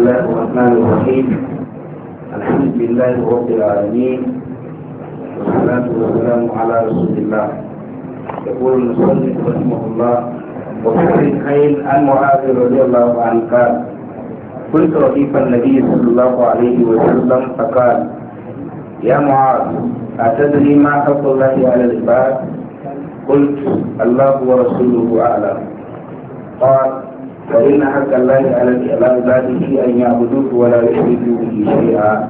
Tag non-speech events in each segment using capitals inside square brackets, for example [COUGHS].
الله الرحمن الرحيم الحمد لله رب العالمين والصلاة والسلام على رسول الله يقول المصلي رحمه الله وفي الحين عن معاذ رضي الله عنه قال كنت رديف النبي صلى الله عليه وسلم فقال يا معاذ أتدري ما حق الله على العباد قلت الله ورسوله أعلم قال فإن حق الله على عباده أن يعبدوه ولا يشركوا به شيئا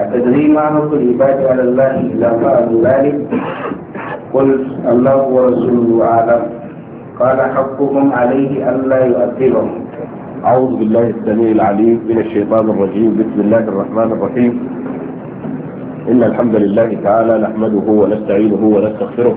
أتدري ما حق العباد على الله إذا فعلوا ذلك قل الله ورسوله أعلم قال حقهم عليه ألا يؤثرهم أعوذ بالله السميع العليم من الشيطان الرجيم بسم الله الرحمن الرحيم إن الحمد لله تعالى نحمده ونستعينه ونستغفره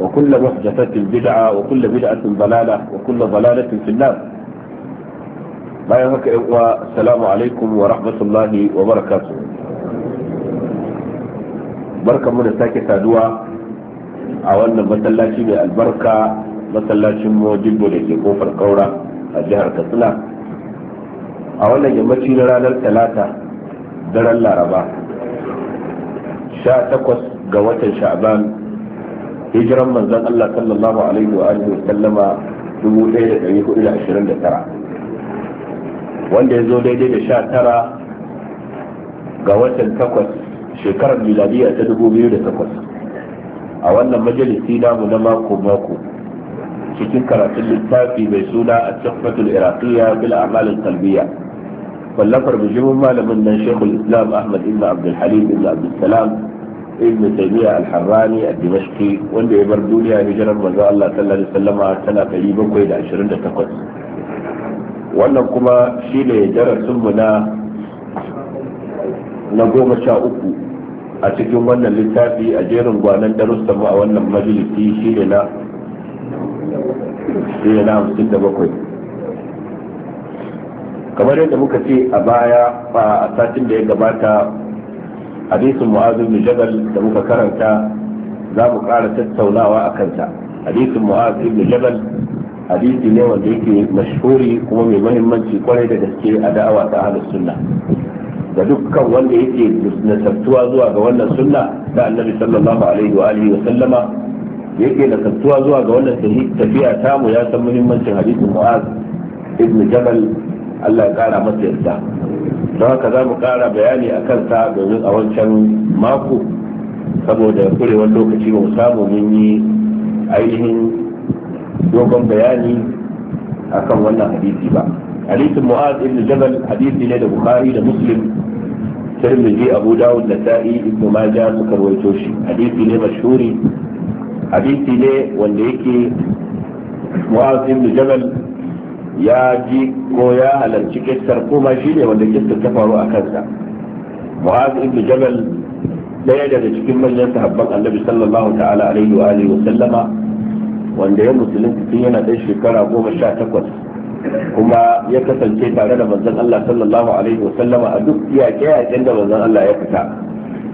وكل محدثة بدعة وكل بدعة ضلالة وكل ضلالة في النار bayan haka uwa salamu alaikum wa rahmatullahi wa barakatu barkanmu da sake saduwa a wannan masallaci mai albarka masallacin mojibbo da ke ƙofar ƙaura a jihar katsina a wannan yammaci na ranar talata daren laraba sha takwas ga watan sha'aban. hijiran manzon Allah sallallahu alaihi wa alihi wa sallama 1429 wanda ya zo daidai da 19 ga watan 8 shekarar miladiya ta 2008 a wannan majalisi namu na mako mako cikin karatun littafi mai suna a tsofatul iraqiyya bil a'malin qalbiyya wallafar bijimin malamin nan shekul islam ahmad ibn abdul halim ibn abdul salam ibn taymiya al-harrani al-dimashqi wanda ya bar duniya hijirar manzo Allah sallallahu alaihi wasallama tana da da ashirin takwas wannan kuma shine darasin mu na na goma sha uku a cikin wannan littafi a jerin gwanan darussa mu a wannan majalisi shi ne na shine na 57 kamar yadda muka ce a baya a satin da ya gabata hadisin mu'azu bin jabal da muka karanta za mu ƙara tattaunawa a kanta hadisin mu'azu bin jabal hadisi ne wanda yake mashhuri kuma mai muhimmanci kwarai da gaske a da'awa ta ahlus sunna da dukkan wanda yake nasabtuwa zuwa ga wannan sunna da annabi sallallahu alaihi wa alihi wa sallama yake nasabtuwa zuwa ga wannan tafiya tamu ya san muhimmancin hadisin mu'az ibn jabal Allah ya kara masa yadda. don haka za mu kara bayani a ta domin a wancan mako saboda kurewar lokaci ba mu samu mun yi ainihin dogon bayani akan wannan hadisi ba hadisin mu'az ibn jabal hadisi ne da bukhari da muslim tirmidhi abu dawud da sa'i ibn majah suka rawaito shi hadisi ne mashhuri hadisi ne wanda yake mu'az ibn jabal ya ji ko ya halarci kistar kuma shi ne wanda kistar ta faru a kansa mu'az ibn jabal daya daga cikin manyan sahabban annabi sallallahu ta'ala alaihi wa alihi wa sallama wanda ya musulun tun yana ɗan shekara goma sha takwas kuma ya kasance tare da manzon Allah sallallahu alaihi wa sallama a duk yaƙe-yaƙen da manzon Allah ya fita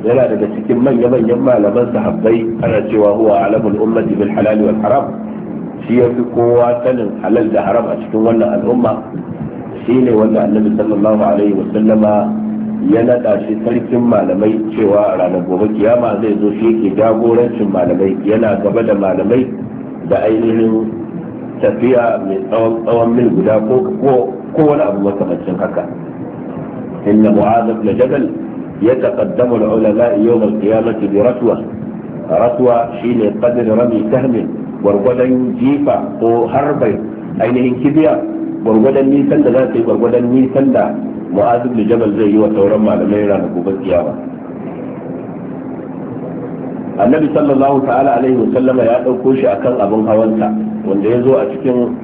yana daga cikin manya-manyan malaman sahabbai ana cewa huwa alamul ummati bil halal wal haram shi ya fi kowa sanin halal da haram a cikin wannan al'umma shi ne wanda annabi sallallahu alaihi wasallama ya naɗa shi sarkin malamai cewa ranar gobe kiyama zai zo shi yake jagorancin malamai yana gaba da malamai da ainihin tafiya mai tsawon mil guda ko wani abu makamancin haka inna mu'azab na jabal يتقدم العلماء يوم bi برتوة رتوة shine قدر rami سهم gwargwadon jifa ko harbai ainihin kibiya gwargwadon nisan da za ta yi gwargwadon nisan da mu'azu da jabal zai yi wa sauran malamai ranar gobe kiyama annabi sallallahu ta'ala alaihi wasallama ya ɗauko shi akan abin hawansa wanda ya zo a cikin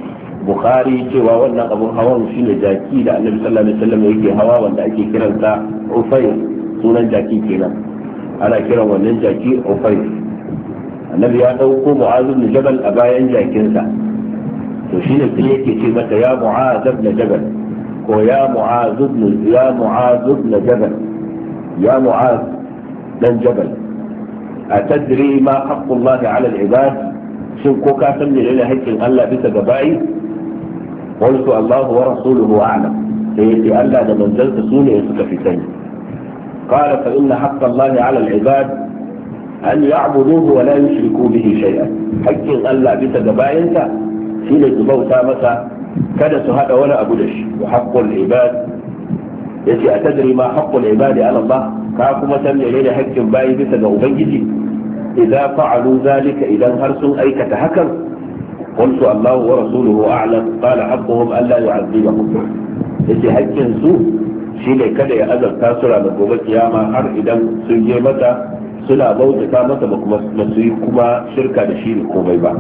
bukhari cewa wannan abin hawan shine jaki da annabi sallallahu alaihi wasallam yake hawa wanda ake kiransa ufayr sunan jaki kenan ana kiran wannan jaki ufayr annabi ya dauko mu'az ibn jabal a bayan jakinsa to shi ne sai yake ce mata ya mu'az ibn jabal ko ya mu'az ibn ya mu'az ibn jabal ya mu'az dan jabal a tadri ma haqqu allahi 'ala al-ibad shin ko ka san ne haƙƙin Allah bisa ga bayi qultu Allahu wa rasuluhu a'lam sai yace Allah da manzansa su ne suka fi sani inna فإن allahi ala al-ibad an ya'buduhu wa la yushriku bihi shay'an hakkin Allah bisa ga bayansa shine su bauta masa kada su hada wani abu da shi wa haqqul ibad yace atadri ma haqqul ibad ala Allah ka kuma san menene hakkin bayi bisa ga ubangiji idza fa'alu zalika idan har sun aikata hakan قلت الله ورسوله أعلم قال حقهم ألا يعذبهم yace hakkin su shine kada ya azabta su ranar gobe kiyama har idan sun je mata suna bautuka masa ba kuma su yi kuma shirka da shi ne komai ba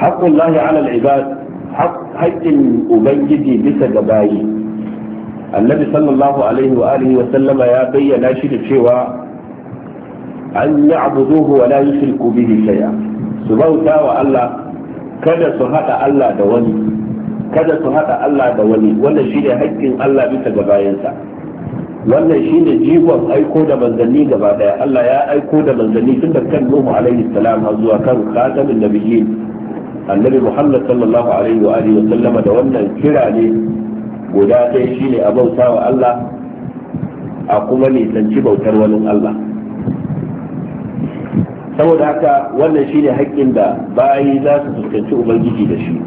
haqqullahi ala al-ibad haqqin ubangiji bisa ga bayi annabi sallallahu alaihi wa alihi wa sallama ya bayyana shi da cewa an yi ya'buduhu wa la yushriku bihi shay'a su bauta wa Allah kada su hada Allah da wani kada su hada Allah da wani wannan shine haƙƙin Allah bisa ga bayansa wannan ne jigon aiko da manzanni gaba daya Allah ya aiko da manzanni tun da kan Nuhu alaihi salam zuwa kan khatamin nabiyyin annabi Muhammad sallallahu alaihi wa alihi sallama da wannan kira ne guda ɗaya ne a bauta wa Allah a kuma nisanci bautar wani Allah saboda haka wannan shine haƙƙin da bayi za su fuskanci ubangiji da shi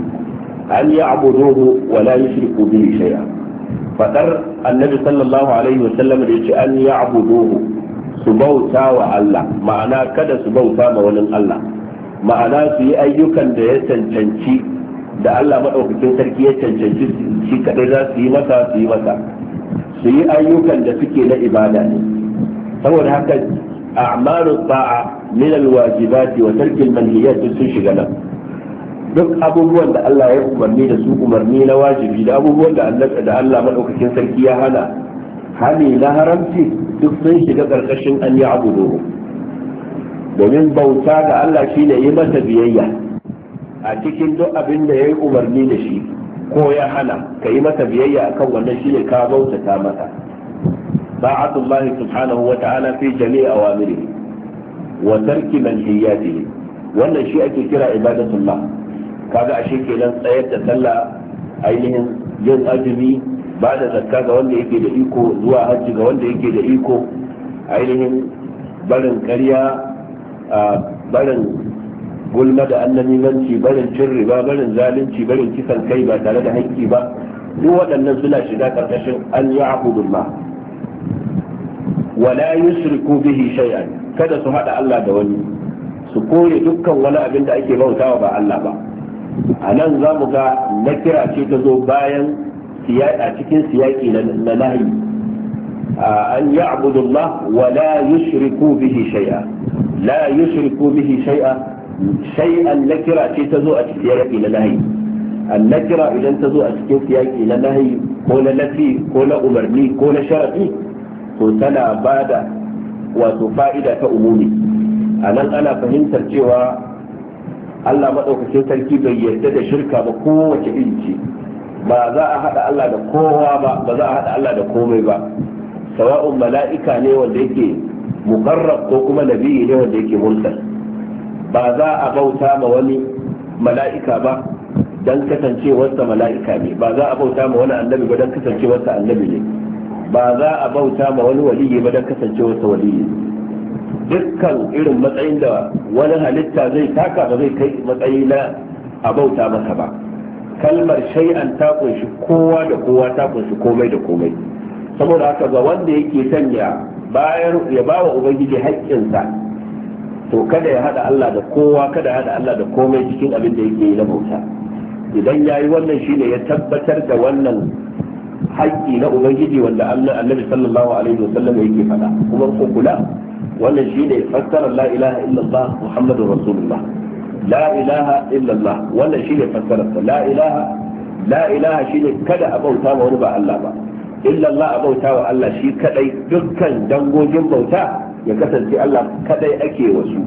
an yi abu wa yushriku bihi shay'a fadar annabi sallallahu alaihi wasallam da yace an ya'buduhu su bauta wa Allah ma'ana kada su bauta ma wani Allah ma'ana su yi ayyukan da ya cancanci da Allah madaukakin sarki ya cancanci shi kadai za su yi masa su yi masa su yi ayyukan da suke na ibada ne saboda haka a'malu ta'a min alwajibati wa tarkil manhiyat sun shiga nan duk abubuwan da Allah ya umarni da su umarni na wajibi da abubuwan da Allah da Allah sarki ya hana hali na haramci duk sun shiga karkashin an ya abudu domin bauta ga Allah shine yi masa biyayya a cikin duk abin da ya yi umarni da shi ko ya hana ka yi masa biyayya kan wannan ne ka bautata masa ba'atullahi subhanahu wa ta'ala fi jami'i awamirihi wa tarki manhiyatihi wannan shi ake kira ibadatullah kaga ashe kenan tsayar da sallah ainihin yin azumi ba da zakka ga wanda yake da iko zuwa hajji ga wanda yake da iko ainihin barin karya barin gulma da annamimanci barin cin riba barin zalunci barin kisan kai ba tare da haƙƙi ba duk waɗannan suna shiga ƙarƙashin an yi abudullah wala yusriku bihi shay'an kada su haɗa Allah da wani su koya dukkan wani abin da ake bautawa ba Allah ba a nan za mu ga na kira ce ta zo bayan a cikin siyaki na nahi an yi abudullah wa la yushriku bihi shay'a la yushriku bihi shay'a shay'an na kira ce ta zo a cikin siyaki na nahi an na kira idan ta zo a cikin siyaki na nahi ko na nafi ko na umarni ko na sharafi to tana bada wato fa'ida ta umumi a nan ana fahimtar cewa Allah madaukakin sarki bai yarda da shirka ba kowace iri ba za a hada Allah da kowa ba ba za a hada Allah da komai ba sawa'un mala'ika ne wanda yake mukarrab ko kuma nabiyi ne wanda yake mursal ba za a bauta ma wani mala'ika ba dan wasa mala'ika ne ba za a bauta ma wani annabi ba dan wasa annabi ne ba za a bauta ma wani waliyi ba dan wasa waliyi ne dukkan irin matsayin da wani halitta zai taka ba zai kai matsayi na a bauta masa ba kalmar shay'an ta kunshi kowa da kowa ta kunshi komai da komai saboda haka ga wanda yake son ya bayar ya wa ubangiji haƙƙinsa to kada ya hada Allah da kowa kada ya hada Allah da komai cikin abin da yake yi na bauta idan yayi wannan shine ya tabbatar da wannan haƙƙi na ubangiji wanda annabi sallallahu alaihi wasallam yake faɗa kuma ku kula wannan shi ne fassarar la ilaha illallah muhammadur rasulullah la ilaha illallah wannan shi ne fassarar la ilaha la ilaha shi ne kada a bauta ma wani ba Allah ba illallah a bauta wa Allah shi kadai dukkan dangogin bauta ya kasance Allah kadai ake wasu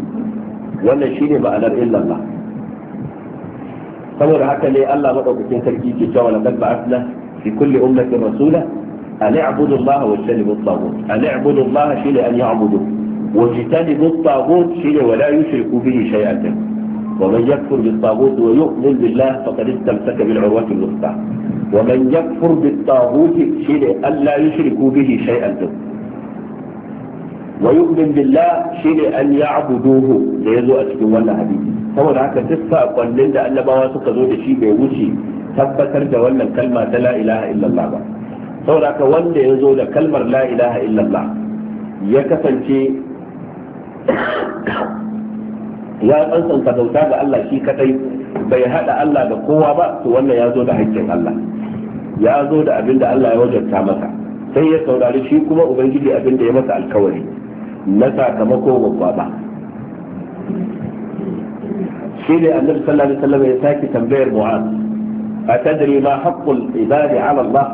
wannan shi ne ma'anar illallah saboda haka ne Allah madaukakin sarki ke cewa laqad ba'athna fi kulli ummatin rasula an ya'budu Allah wa yajtanibu at-taghut an ya'budu Allah shi ne an ya'budu واجتنبوا الطاغوت شيء ولا يشركوا به شيئا ومن يكفر بالطاغوت ويؤمن بالله فقد استمسك بالعروة الوثقى ومن يكفر بالطاغوت شيء ألا يشركوا به شيئا ويؤمن بالله شيء أن يعبدوه ليزو أتكون ولا حديث saboda haka duk sakonnin da annabawa suka zo da shi bai wuce tabbatar da wannan kalma ta la ilaha illallah ba saboda haka wanda ya zo da kalmar la ilaha illallah ya kasance ya tsantsanta bauta ga Allah shi kadai bai hada Allah da kowa ba to wannan ya zo da haƙƙin Allah ya zo da abin da Allah ya wajabta masa sai ya saurari shi kuma ubangiji abin da ya masa alkawari na sakamako babba ba shi ne annabi sallallahu alaihi wasallam ya saki tambayar mu'az atadri ma haqqul ibadi ala Allah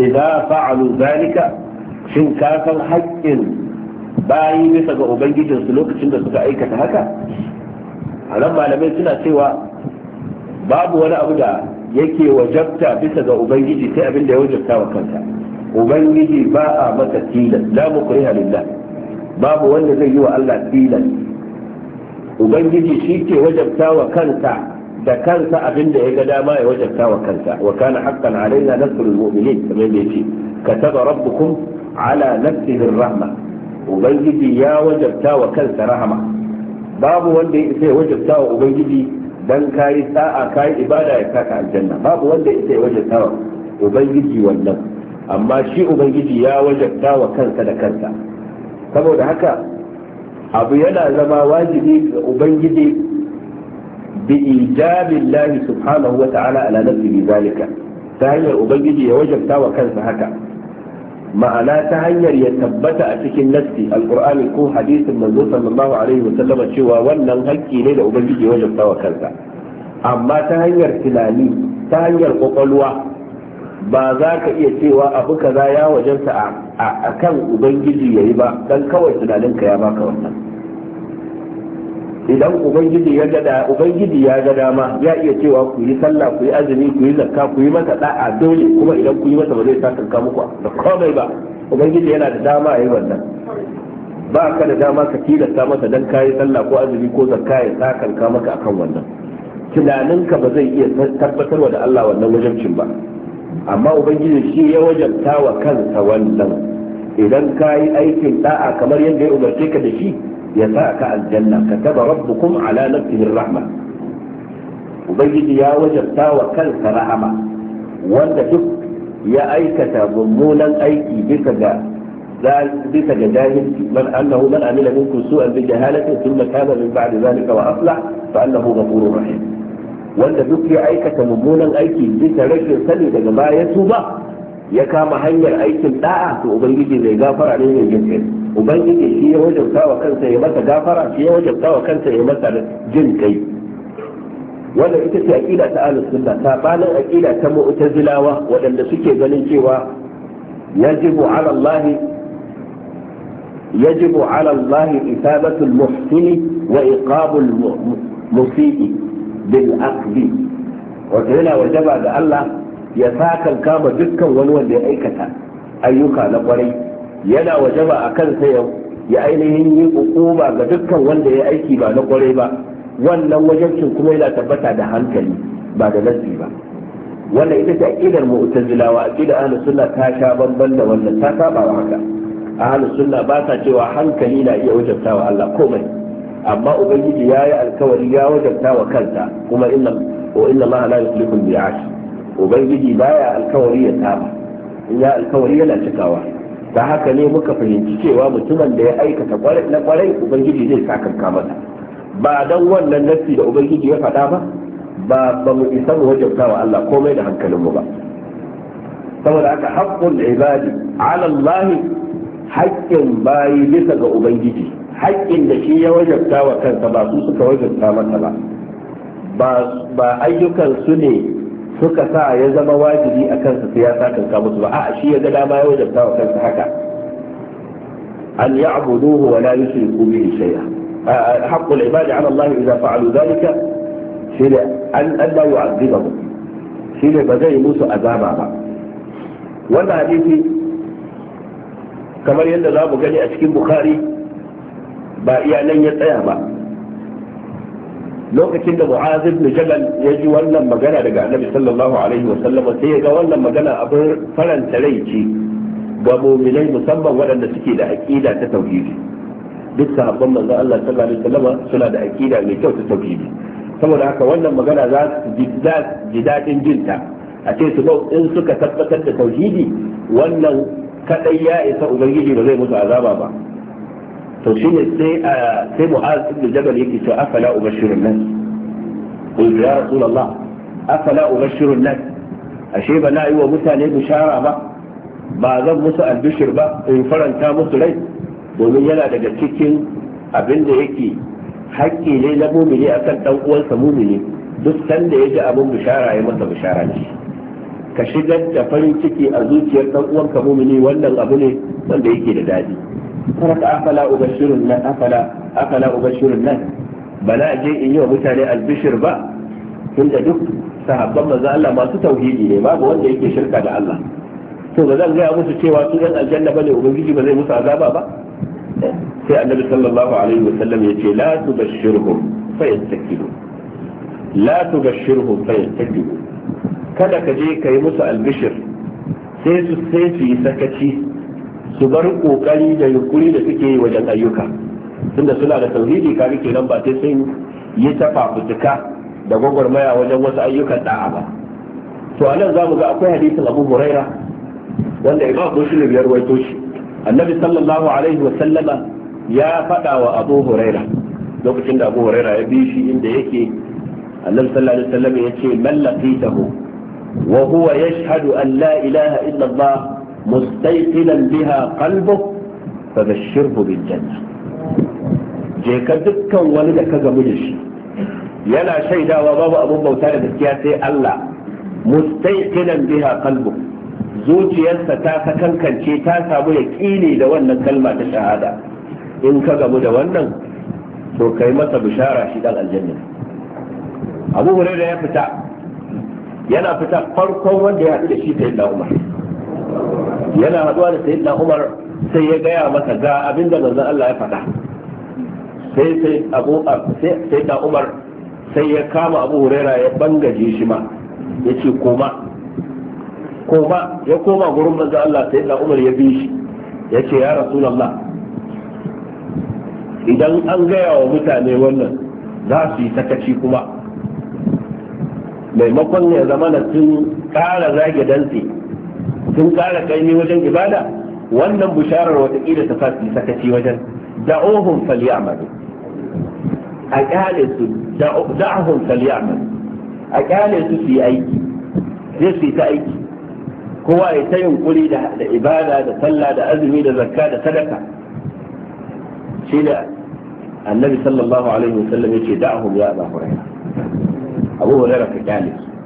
idza fa'alu zalika shin ka san haƙƙin bayi bisa ga ubangijinsu lokacin da suka aikata haka a nan malamai suna cewa babu wani abu da yake wajabta bisa ga ubangiji sai abin da ya wajabta wa kanta ubangiji ba a masa tilas la mukriha lillah babu wanda zai yi wa Allah tilas ubangiji shi ke wajabta wa kanta da kansa abin da ya ga dama ya wajabta wa kanta wa kana haqqan alaina nasrul mu'minin kamar da yake kataba rabbukum ala nafsihi rahma ubangiji ya wajabta wa kansa rahama babu wanda ya wajabta wa ubangiji dan kayi sa'a kayi ibada ya saka aljanna babu wanda ya wajabta wa ubangiji wannan amma shi ubangiji ya wajabta wa kansa da kansa saboda haka abu yana zama wajibi ga ubangiji bi ijabillahi subhanahu wa ta'ala ala nafsihi zalika ta hanyar ubangiji ya wajabta wa kansa haka ma'ana ta hanyar ya tabbata a cikin nafsi alqur'ani ko hadisin manzo sallallahu alaihi wa sallama cewa wannan hakki ne da ubangiji ya wajabta wa kansa amma ta hanyar tunani ta hanyar kwakwalwa ba za ka iya cewa abu kaza ya wajenta a kan ubangiji yayi ba dan kawai tunaninka ya baka wannan idan ubangiji ya ga ubangiji ya ga dama ya iya cewa ku yi sallah ku yi azumi ku yi zakka ku yi masa da'a dole kuma idan ku yi masa ba zai sa ka muku da komai ba ubangiji yana da dama yayi wannan ba ka da dama ka tilasta masa dan kayi sallah ko azumi ko zakka ya sa ka maka akan wannan tunaninka ba zai iya tabbatarwa da Allah wannan wajabcin ba amma ubangiji shi ya wajabta wa kansa wannan idan kayi aikin da'a kamar yadda ya umarce ka da shi ya sa ka aljanna kataba rabbukum ala nafsihi rahma ubangiji ya wajabta wa kansa rahama wanda duk ya aikata mummunan aiki bisa ga bisa ga jahilci man annahu man amila minkum su'an bi jahalatin thumma taba min ba'di zalika wa aslah fa annahu ghafurur wanda duk ya aikata mummunan aiki bisa rashin sani daga baya tuba ya kama hanyar aikin da'a to ubangiji zai gafara ne mai jin kai ubangiji shi ya wajabta wa kansa ya masa gafara shi ya wajabta wa kansa ya masa jin kai wannan ita ce aqida ta ahlus sunna sabanin aqida ta mu'tazilawa wadanda suke ganin cewa yajibu ala Allah yajibu ala Allah isabatu al-muhsin wa iqabu al-musii bil aqdi wato yana wajaba ga Allah ya sakan kama dukkan wani wanda ya aikata ayyuka na kwarai yana waje ba a kansa ya ainihin yi hukuma ga dukkan wanda ya aiki ba na kwarai ba wannan wajencin kuma yana tabbata da hankali ba da nasi ba wannan ita ce aqidar mu'tazilawa akida ahli sunna ta sha bamban da wannan ta saba wa haka ahli sunna ba ta cewa hankali na iya wajabta wa Allah komai amma ubangiji yayi alkawari ya wajabta wa kansa kuma inna wa inna ma la yuflihu bi'ashi ubangiji baya alkawari ya kama in ya alkawari yana cikawa ta haka ne muka fahimci cewa mutumin da ya aikata na kwarai ubangiji zai sakanka masa ba don wannan nassi da ubangiji ya faɗa ba ba ba mu isa mu wajen wa Allah komai da hankalin mu ba saboda haka haqqul ibadi ala Allah haƙƙin bayi bisa ga ubangiji haƙƙin da shi ya wajen wa kansa ba su suka wajabta masa ba ba ayyukan su ne suka sa ya zama wajibi a kansa sai ya sakanka musu ba a'a shi ya ga dama ya wajabta wa kansa haka an ya'buduhu wa la yushriku bihi shay'a al ibadi ala Allah idza fa'alu dhalika shi ne an Allah yu'adhibuhum shi ne ba zai musu azaba ba wannan hadisi kamar yadda za mu gani a cikin bukhari ba iyalan ya tsaya ba lokacin da mu'az ibn ya ji wannan magana daga annabi sallallahu alaihi wa sai ya ga wannan magana abin faranta rai ce ga mu'minai musamman waɗanda suke da aqida ta tauhidi duk sahabban manzo Allah sallallahu alaihi wa suna da aqida mai kyau ta tauhidi saboda haka wannan magana za su ji daɗin jinta a ce su in suka tabbatar da tauhidi wannan kadai ya isa ubangiji ba zai musu azaba ba to shi ne sai sai mu'az ibn jabal yake cewa afala ubashiru nas qul ya rasulullah afala ubashiru nan ashe ba na yi wa mutane bishara ba ba zan musu albishir ba in faranta musu rai domin yana daga cikin abin da yake hakki ne na mumini akan dan uwansa mumini duk sanda ya ji abin bishara ya masa bishara ne ka shigar da farin ciki a zuciyar dan uwanka mumini wannan abu ne wanda yake da daɗi saraka afala ubashirun nan afala afala ubashirun nan bala je in yi wa mutane albishir ba tunda duk sahabban manzo Allah masu tauhidi ne babu wanda yake shirka da Allah to ba zan gaya musu cewa su yan aljanna bane ubangiji ba zai musu azaba ba sai annabi sallallahu alaihi wasallam ya ce la tubashshirhum fa yastakilu la tubashshirhum fa yastakilu kada ka je ka yi musu albishir sai su sai su yi sakaci su bar kokari da yunkuri da suke yi wajen ayyuka tunda suna da tauhidi kaga kenan ba sai sun yi ta fafutuka da gwagwarmaya wajen wasu ayyukan da'a ba to a nan zamu ga akwai hadisin Abu Huraira wanda Imam Muslim ya rawaito shi Annabi sallallahu alaihi wa sallama ya faɗa wa Abu Huraira lokacin da Abu Huraira ya bi shi inda yake Annabi sallallahu alaihi wa sallam ya ce mallaqitahu wa huwa yashhadu an la ilaha illa Allah mustayqilan biha qalbu fabashshirhu bil je ka dukkan wani da ka gamu da shi yana shaidawa babu abun bauta da gaskiya sai Allah mustayqilan biha qalbu zuciyarsa ta kankance ta samu yaqini da wannan kalma ta shahada in ka gamu da wannan to kai masa bishara shi dan aljanna abu hurairah ya fita yana fita farkon wanda ya haɗu da shi ta yi umar yana haduwa da sayyidina Umar sai ya gaya masa ga da manzon Allah ya faɗa sai sai Abu sai da Umar sai ya kama Abu Huraira ya bangaje shi ma yace koma koma ya koma gurin manzon Allah sayyidina Umar ya bi shi yace ya Rasulullah idan an gaya wa mutane wannan za su yi sakaci kuma maimakon ya zama na sun ƙara zage dantse sun ƙara ƙaimi wajen ibada wannan bisharar watakila ta fasi sakaci wajen da'ohum falyamalu a kyale su da'ohum falyamalu a kyale su su yi aiki zai su yi ta aiki kowa ya ta yunkuri da ibada da sallah da azumi da zakka da sadaka shi da annabi sallallahu alaihi wasallam ce da'ahum ya abu hurairah abu hurairah ka kyale su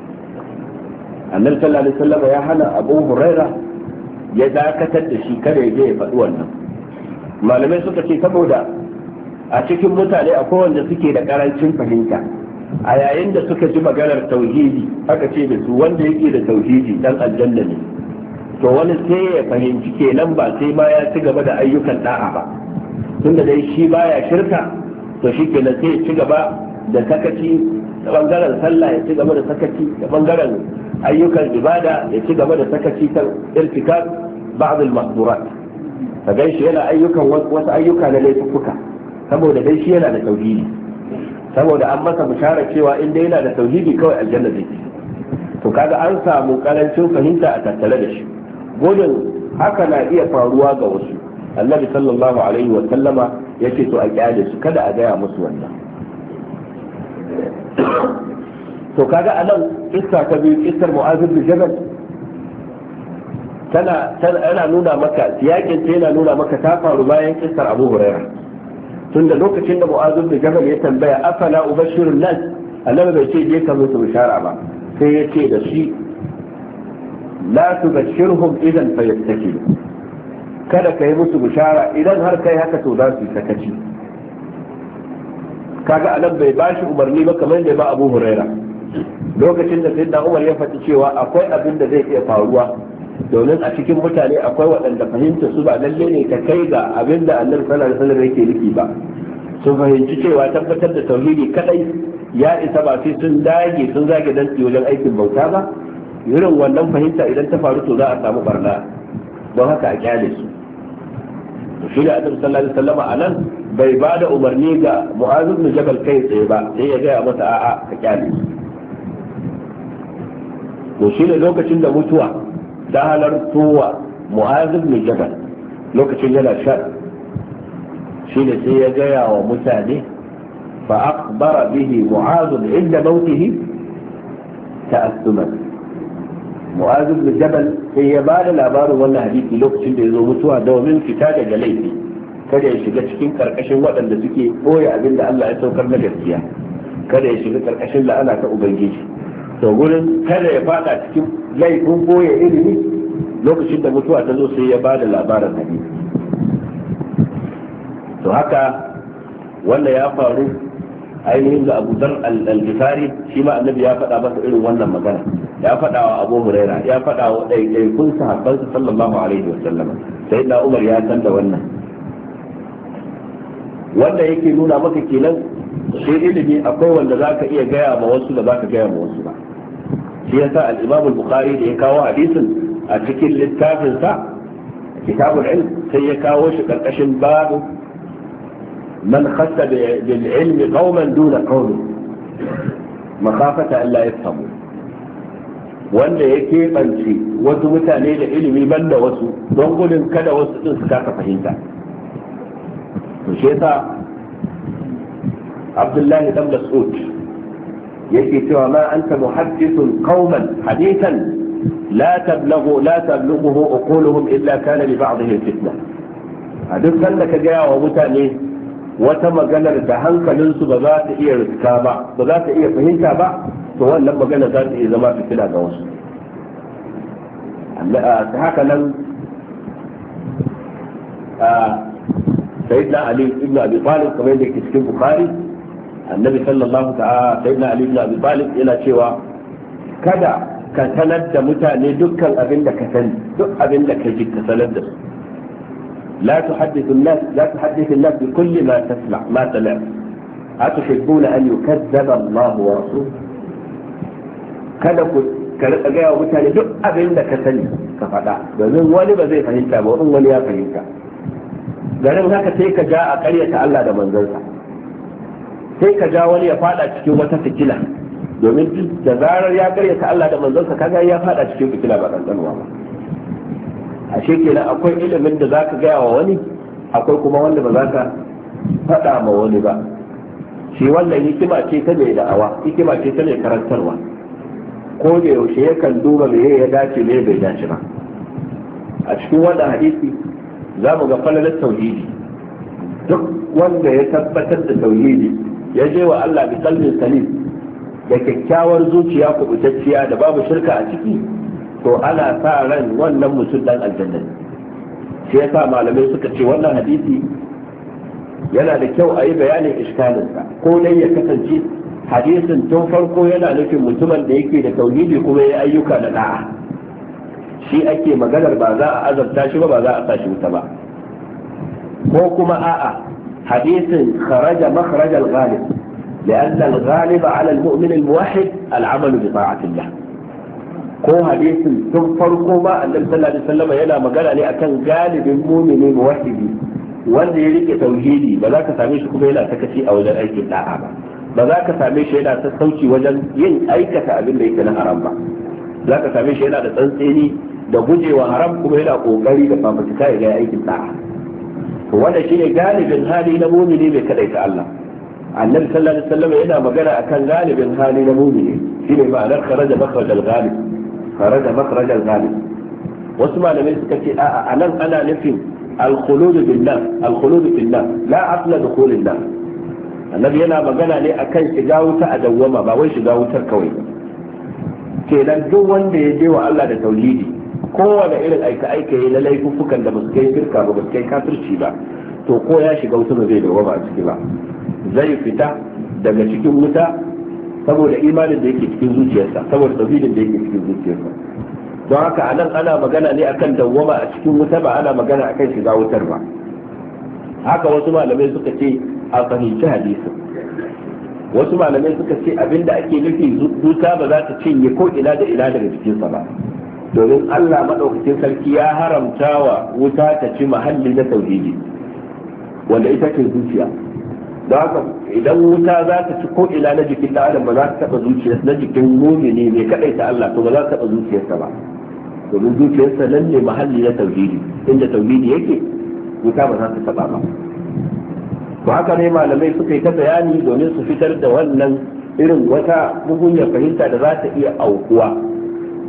annabi sallallahu alaihi wasallam ya hana abu huraira ya dakatar da shi kada ya je ya faɗi wannan malamai suka ce saboda a cikin mutane akwai wanda suke da karancin fahimta a yayin da suka ji maganar tauhidi aka ce da su wanda yake da tauhidi dan aljanna ne to wani sai ya fahimci kenan ba sai ma ya ci gaba da ayyukan da'a ba tunda dai shi baya shirka to shi kenan sai ya ci gaba da sakaci da bangaren sallah ya ci gaba da sakaci da bangaren ayyukan ibada ya ci gaba da sakaci yana ayyukan wasu ayyuka na laifuka saboda dai shi yana da tauhidi saboda an masa bishara cewa in dai yana da tauhidi kawai aljanna zai ci to kaga an samu karancin fahimta a tattare da shi gudun haka na iya faruwa ga wasu annabi sallallahu alaihi wa sallama yace to a kyale su kada a gaya musu wannan to kaga anan iska ta biyu iskar mu'azir da jabal tana yana nuna maka yakin ta yana nuna maka ta faru bayan iskar abu huraira tunda lokacin da mu'azir da jabal ya tambaya afala ubashirun nas annabi bai ce je ka musu bishara ba sai ya ce da shi la tubashirhum idan fayattakilu kada ka yi musu bishara idan har kai haka to za su yi sakaci kaga anan bai ba shi umarni ba kamar da ba abu huraira lokacin da da umar ya faɗi cewa akwai abin da zai iya faruwa domin a cikin mutane akwai waɗanda fahimta su ba lalle ne ta kai ga abin da annabi sallallahu alaihi wasallam yake nufi ba sun fahimci cewa tabbatar da tauhidi kadai ya isa ba sai sun dage sun zage dan wajen aikin bauta ba irin wannan fahimta idan ta faru to za a samu barna don haka a kyale su shi da annabi sallallahu alaihi wasallam a bai ba da umarni ga Mu'azib ibn jabal kai tsaye ba sai ya gaya mata a'a ka kyale to shi ne lokacin da mutuwa ta halartowa Mu'azib ibn jabal lokacin yana shan shi ne sai ya gaya wa mutane fa akhbara bihi Mu'azib inda mautihi ta'assuman mu'azu ibn jabal sai ya ba da labarin wannan hadisi lokacin da ya zo mutuwa domin fita daga laifi kada ya shiga cikin karkashin waɗanda suke boye abin da Allah ya saukar na gaskiya kada ya shiga karkashin la'ana ta ubangiji to gurin kada ya fada cikin laifin boye ilimi lokacin da mutuwa ta zo sai ya ba da labarin hadisi to haka wanda ya faru ainihin da Abu Dhar al-Ghifari shi ma annabi ya faɗa masa irin wannan magana ya faɗa wa Abu Huraira ya faɗa wa ɗaiɗaikun sahabbansa sallallahu alaihi wa sallam sai da Umar ya san da wannan wanda yake nuna maka kenan sai ilimi akwai wanda zaka iya gaya ma wasu da zaka gaya ma wasu ba shi yasa al-Imam al-Bukhari da ya kawo hadisin a cikin littafin sa kitabul ilm sai ya kawo shi karkashin babu man khassa bil ilmi qauman duna qaumin makafata Allah ya samu wanda ya keɓance wasu mutane da ilimi ban da wasu don gudun kada wasu din su fahimta to shi yasa abdullahi dan mas'ud yake cewa ma anta muhaddithun qauman hadithan la tablughu la tablughu uquluhum illa kana li ba'dihim fitna a duk sanda ka gaya wa mutane wata maganar da hankalinsu ba za ta iya ba ba za ta iya fahimta ba to wannan magana za ta iya zama fitina ga wasu ta haka nan سيدنا علي بن أبي طالب كما يدك في البخاري النبي صلى الله تعالى سيدنا علي بن أبي طالب إلى شواء كذا كسند متاني دك الأبن لك سن دك أبن لك جد تسند لا تحدث الناس لا تحدث الناس بكل ما تسمع ما تلع أتحبون أن يكذب الله ورسوله كذا قلت كذا قلت متاني دك أبن لك سن كفتا وذن ولي بزيفة هنتا وذن ولي بزيفة هنتا garin haka sai ka ja a ƙaryata Allah da manzansa sai ka ja wani ya fada cikin wata fitila domin da zarar ya karyata Allah da manzansa kaga ya fada cikin fitila ba kankanuwa ba a kenan akwai ilimin da za ka gaya wa wani akwai kuma wanda ba za ka faɗa ma wani ba shi wannan hikima ce ta mai da'awa hikima ce ta mai karantarwa ko da yaushe yakan duba me ya dace me bai dace ba a cikin wannan hadisi za mu ga falalar tauhidi duk wanda ya tabbatar da tauhidi ya je wa Allah bi qalbin salim da kyakkyawar zuciya kubutacciya da babu shirka a ciki to ana sa ran wannan mutum dan aljanna shi yasa malamai suka ce wannan hadisi yana da kyau a yi bayanin iskalinsa ko dai ya kasance hadisin tun farko yana nufin mutumin da yake da tauhidi kuma ya ayyuka da da'a shi ake maganar ba za a azabta shi ba ba za a sa shi wuta ba ko kuma a'a hadisin kharaja makharaja al-ghalib لأن الغالب al المؤمن الموحد العمل بطاعة الله ko hadisin tun farko ba annabi sallallahu alaihi wasallam yana magana ne akan galibin mu'mini muwahhidi wanda ya rike tauhidi ba za ka same shi kuma yana sakaci a wajen aikin da'a ba ba za ka same shi yana sassauci wajen yin aikata abin da yake na haram ba za ka same shi yana da tsantseni da gujewa haram kuma yana kokari da fafutuka ya ga aikin da'a wanda shine galibin hali na mu'mini mai kadai ta Allah annabi sallallahu alaihi wasallam yana magana akan galibin hali na mu'mini shine ma'anar kharaja makhraj al-ghalib kharaja makhraj al wasu malamai suka ce a nan ana nufin al-khulud billah al-khulud billah la asla dukhul billah annabi yana magana ne akan shiga wuta a dawwama ba wai shiga wutar kawai kenan duk wanda ya je wa Allah da tauhidi kowane irin aika aika yi na laifuffukan da basu kai shirka ba basu kai kafirci ba to ko ya shiga wuta ba zai dawo ba a ciki ba zai fita daga cikin wuta saboda imanin da yake cikin zuciyarsa saboda tauhidin da yake cikin zuciyarsa don haka anan ana magana ne akan dawwama a cikin wuta ba ana magana akan shiga wutar ba haka wasu malamai suka ce a fahimci hadisi wasu malamai suka ce abinda ake nufi zuta ba za ta cinye ko ina da ina daga cikinsa ba domin Allah madaukakin sarki ya haramta wa wuta ta ci mahalli na tauhidi wanda ita ce zuciya don haka idan wuta za ta ci ko ila na jikin da adam ba za ta taɓa zuciya na jikin mumini mai kadai ta Allah to ba za ta taba zuciyarsa ba domin zuciyarsa nan ne mahalli na tauhidi inda tauhidi yake wuta ba za ta taɓa ba Ba haka ne malamai suka yi ta bayani domin su fitar da wannan irin wata mugunyar fahimta da za ta iya aukuwa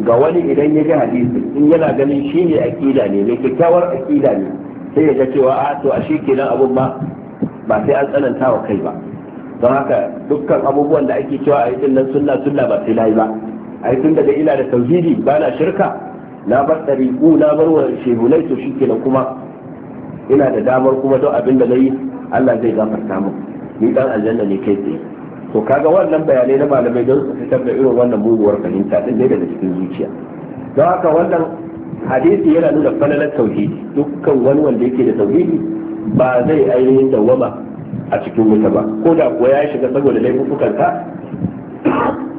ga wani idan ya ji hadisi in yana ganin shi ne aƙida ne mai kyakkyawar aƙida ne sai ya ga cewa a to a shi kenan abun ba ba sai an tsananta wa kai ba don haka dukkan abubuwan da ake cewa a yi nan sunna sunna ba sai layi ba a yi tun daga ina da tauhidi ba na shirka na bar ɗariƙu na bar wa shehunai to shi kenan kuma ina da damar kuma don abin da na yi Allah zai gafarta mu ni dan aljanna ne kai tsaye to kaga wannan bayanai na malamai don su fitar da irin wannan muguwar fahimta din ne daga cikin zuciya don haka wannan hadisi yana nuna falalar tauhidi dukkan wani wanda yake da tauhidi ba zai ainihin dawama a cikin wuta ba ko da kuwa ya shiga saboda laifukan ka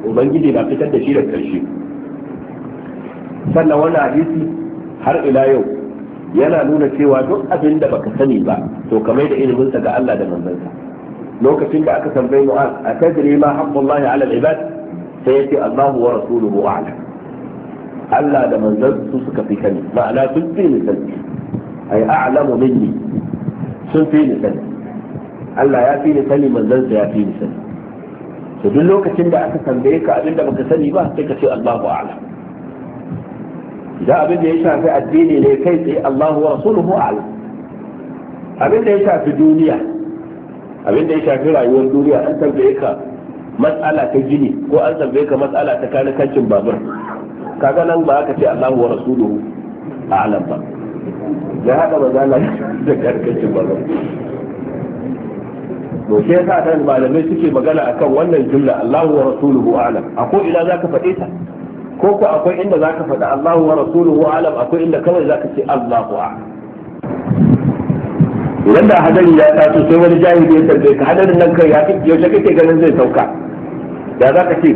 ubangiji na fitar da shi da karshe sannan wannan hadisi har ila yau yana nuna cewa duk abin da baka sani ba to kamar da iliminsa ga Allah da manzansa lokacin da aka tambayi mu'az a tadri ma haqqullahi ala al-ibad sai yace Allahu wa rasuluhu ala Allah da manzon su suka fi kani ma'ana sun fi ni sani ai a'lamu minni sun fi ni sani Allah ya fi ni sani manzon sa ya fi ni sani to duk lokacin da aka tambaye ka abinda baka sani ba sai ka ce Allahu ala idan abin da ya shafi addini ne kai tsaye Allahu wa rasuluhu ala abin da ya shafi duniya abin da ya shafi rayuwar duniya an tambaye ka matsala ta gini ko an tambaye ka matsala ta kare kancin babur kaga nan ba aka ce Allahu wa rasuluhu a alam ba ya hada mazala da kare kancin babur to shi yasa kan malamai suke magana akan wannan jumla Allahu wa rasuluhu a'lam A ko ina zaka faɗe ta ko ko akwai inda zaka faɗa Allahu wa rasuluhu a'lam akwai inda kawai zaka ce Allahu a'lam idan da hadari ya taso sai wani jahili ya tambaye ka hadarin nan kai fi yaushe kake ganin zai sauka da za ka ce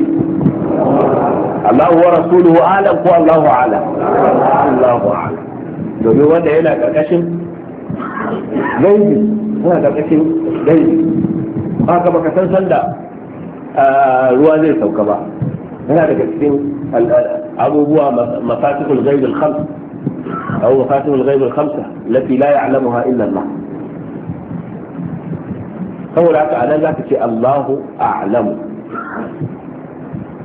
Allahu wa rasuluhu alam ko Allahu alam Allahu alam domin wanda yana karkashin gaibi yana karkashin gaibi ba ka baka san sanda ruwa zai sauka ba yana daga cikin abubuwa mafatihul ghaib al-khams أو مفاتن الغيب الخمسة التي لا يعلمها إلا الله saboda haka anan zaka ce Allahu a'lamu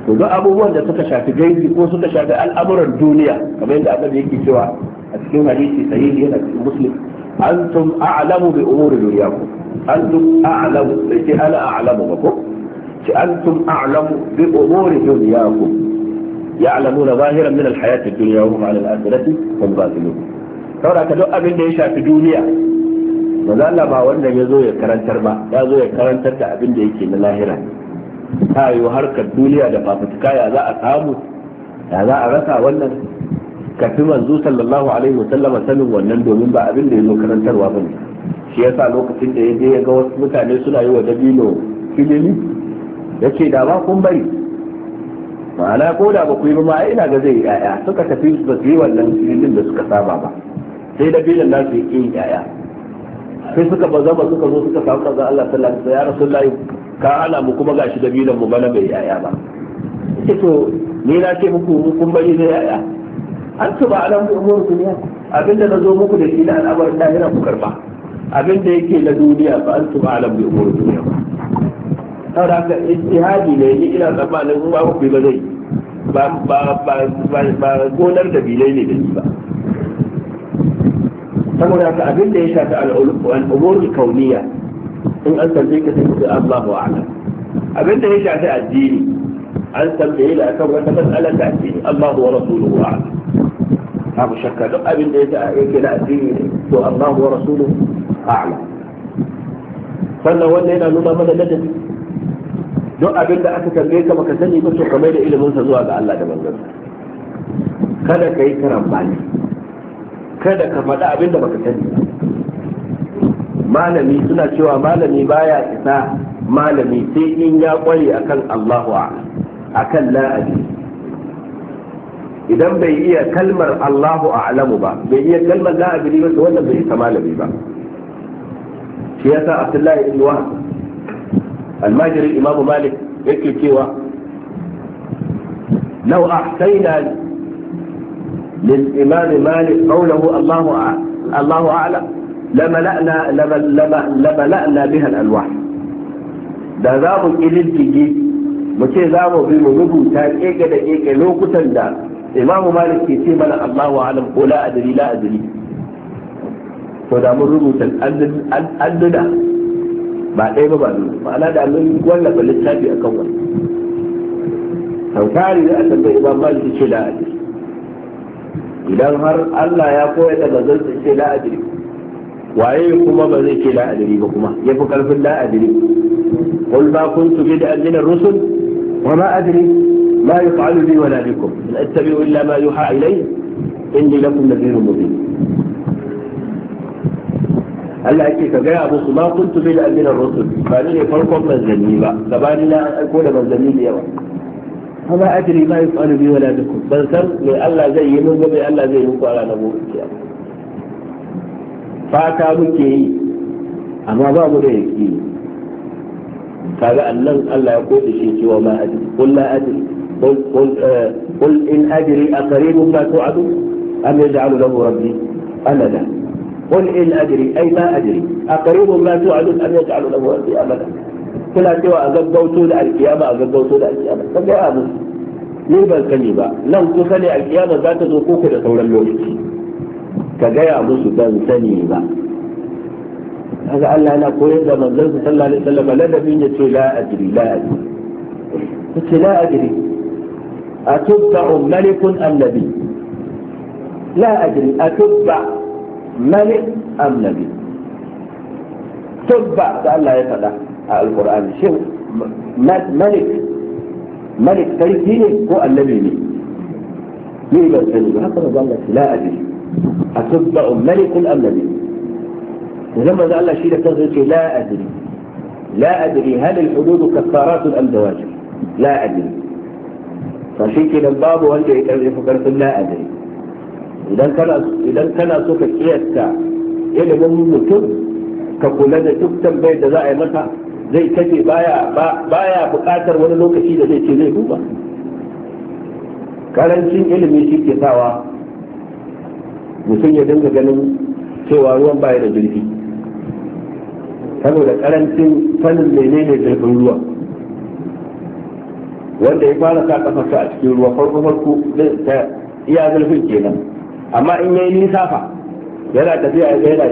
to duk abubuwan da suka shafi gaibi ko suka shafi al'amuran duniya kamar yadda annabi yake cewa a cikin hadisi sahihi yana cikin muslim antum a'lamu bi umuri dunyakum antum a'lamu sai ce ana a'lamu ba ko ce antum a'lamu bi umuri dunyakum ya'lamuna zahiran min al-hayati ad-dunya wa hum 'ala al-akhirati hum ghafilun saboda ka duk abin da ya shafi duniya manzo Allah ba wanda ya zo ya karantar ba ya zo ya karantar da abin da yake na lahira ta yi harkar duniya da fafutuka ya za a samu ya za a rasa wannan kafi manzo sallallahu alaihi wasallam sanin wannan domin ba abin da ya zo karantarwa bane shi yasa lokacin da ya je ya ga wasu mutane suna yi wa dabino filimi yace da ba kun bari ma'ana ko da ba ku yi ba ina ga zai yaya suka tafi ba su yi wannan filin da suka saba ba sai dabinan nasu yi yaya sai suka zama suka zo suka samu manzon Allah sallallahu alaihi wasallam ya rasulullahi ka ala mu kuma gashi da bilan mu bana bai yaya ba yake to ni na ce muku kun bari zai yaya an ba alamu umur duniya abinda na zo muku da shi na al'amarin lahira ku karba abinda yake na duniya ba an ba alamu umur duniya ba saboda haka ijtihadi ne ni ina tsammanin in ba ku ba zai ba ba ba gonar da bilai ne da ni ba هناك أبدا يشافع الأمور الكونية إن أنت ذيك تنسي الله أعلم أبدا يشافع الدين أنت به لا كون تسأل تأثير الله ورسوله أعلم شك هذا شكا أبدا يشافع الدين الله ورسوله أعلم فانه ولينا نوما مدى لدن دو أبدا أكا تنبيك وكسني كنت قمير إلى منزل الله تبنزل كذا كي كرم بعلي kada ka faɗi abin da baka sani malami suna cewa malami baya isa malami sai in ya kware akan Allahu akan la'abi idan bai iya kalmar Allahu a'lamu ba bai iya kalmar la'abi ba to wannan bai isa malami ba shi yasa Abdullahi ibn Wahab Imam Malik yake cewa law ahsayna للإمام مالك قوله الله الله أعلم لملأنا لملأنا بها الألواح da za mu ƙilintige mu ce za mu bi mu rubuta ƙeƙe da ƙeƙe lokutan da imamu malik ke ce mana allahu alam ko la adri la adri to da mun rubuta alluna ba ɗaya ba ba ma'ana da mun wallafa littafi akan da aka bai imam malik ce la adri idan har Allah ya koya da bazan sai ce la adri waye kuma ba zai ce la adri ba kuma yafi karfin la adri qul ma kuntu bi min ar-rusul wa ma adri ma yuf'alu bi wala bikum la attabi'u illa ma yuha ilay inni lakum nadhirun mubin Allah yake ka gaya musu ma kuntu bi min ar-rusul ba ne farkon manzanni ba gabanin an aiko da manzanni da yawa amma ajiri ma yi kwanu biyu wala biku ban san me Allah zai yi mun mai Allah zai yi muku ala na gobe kiyama fata muke yi amma ba mu da yaki kaga Allah Allah ya kodi shi cewa ma ajiri qul la ajiri qul qul eh, in ajiri aqribun ma tu'adu am yaj'alu lahu rabbi amada قل إن أدري أي ما أدري أقريب ما توعدون أن يجعل له ربي أمدا kula cewa a gaggauto da alkiyama a gaggauto da alkiyama ka gaya musu ni ban sani ba nan kusa ne alkiyama za ta zo koko da sauran lokaci ka gaya musu ban sani ba kaga Allah yana koyar da manzon sa sallallahu alaihi wasallam ladabin ya ce la adri la adri kace la adri atubba malikun am nabi la adri atubba malik am nabi tubba da Allah ya faɗa a alkur'ani shin malik malik sarki ne ko annabi ne ni ban sani ba haka manzo Allah la adri atba'u malikun am nabi idan manzo Allah shi da kansa yace la adri la adri hal al hudud kaffaratun am dawajib la adri to shi nan babu wanda ya karfi karfin la adri idan kana idan kana so ka kiyasta ilimin mutum ka kula da duk tambayar da za a yi masa zai kace baya baya buƙatar wani lokaci da zai ce zai duba karancin ilimi shi ke sawa mutum ya dinga ganin cewa ruwan baya da zurfi saboda karancin sanin menene zurfin ruwa wanda ya fara sa kafarsa a cikin ruwa farko farko ta iya zurfin kenan amma in yayi nisafa yana tafiya ya yana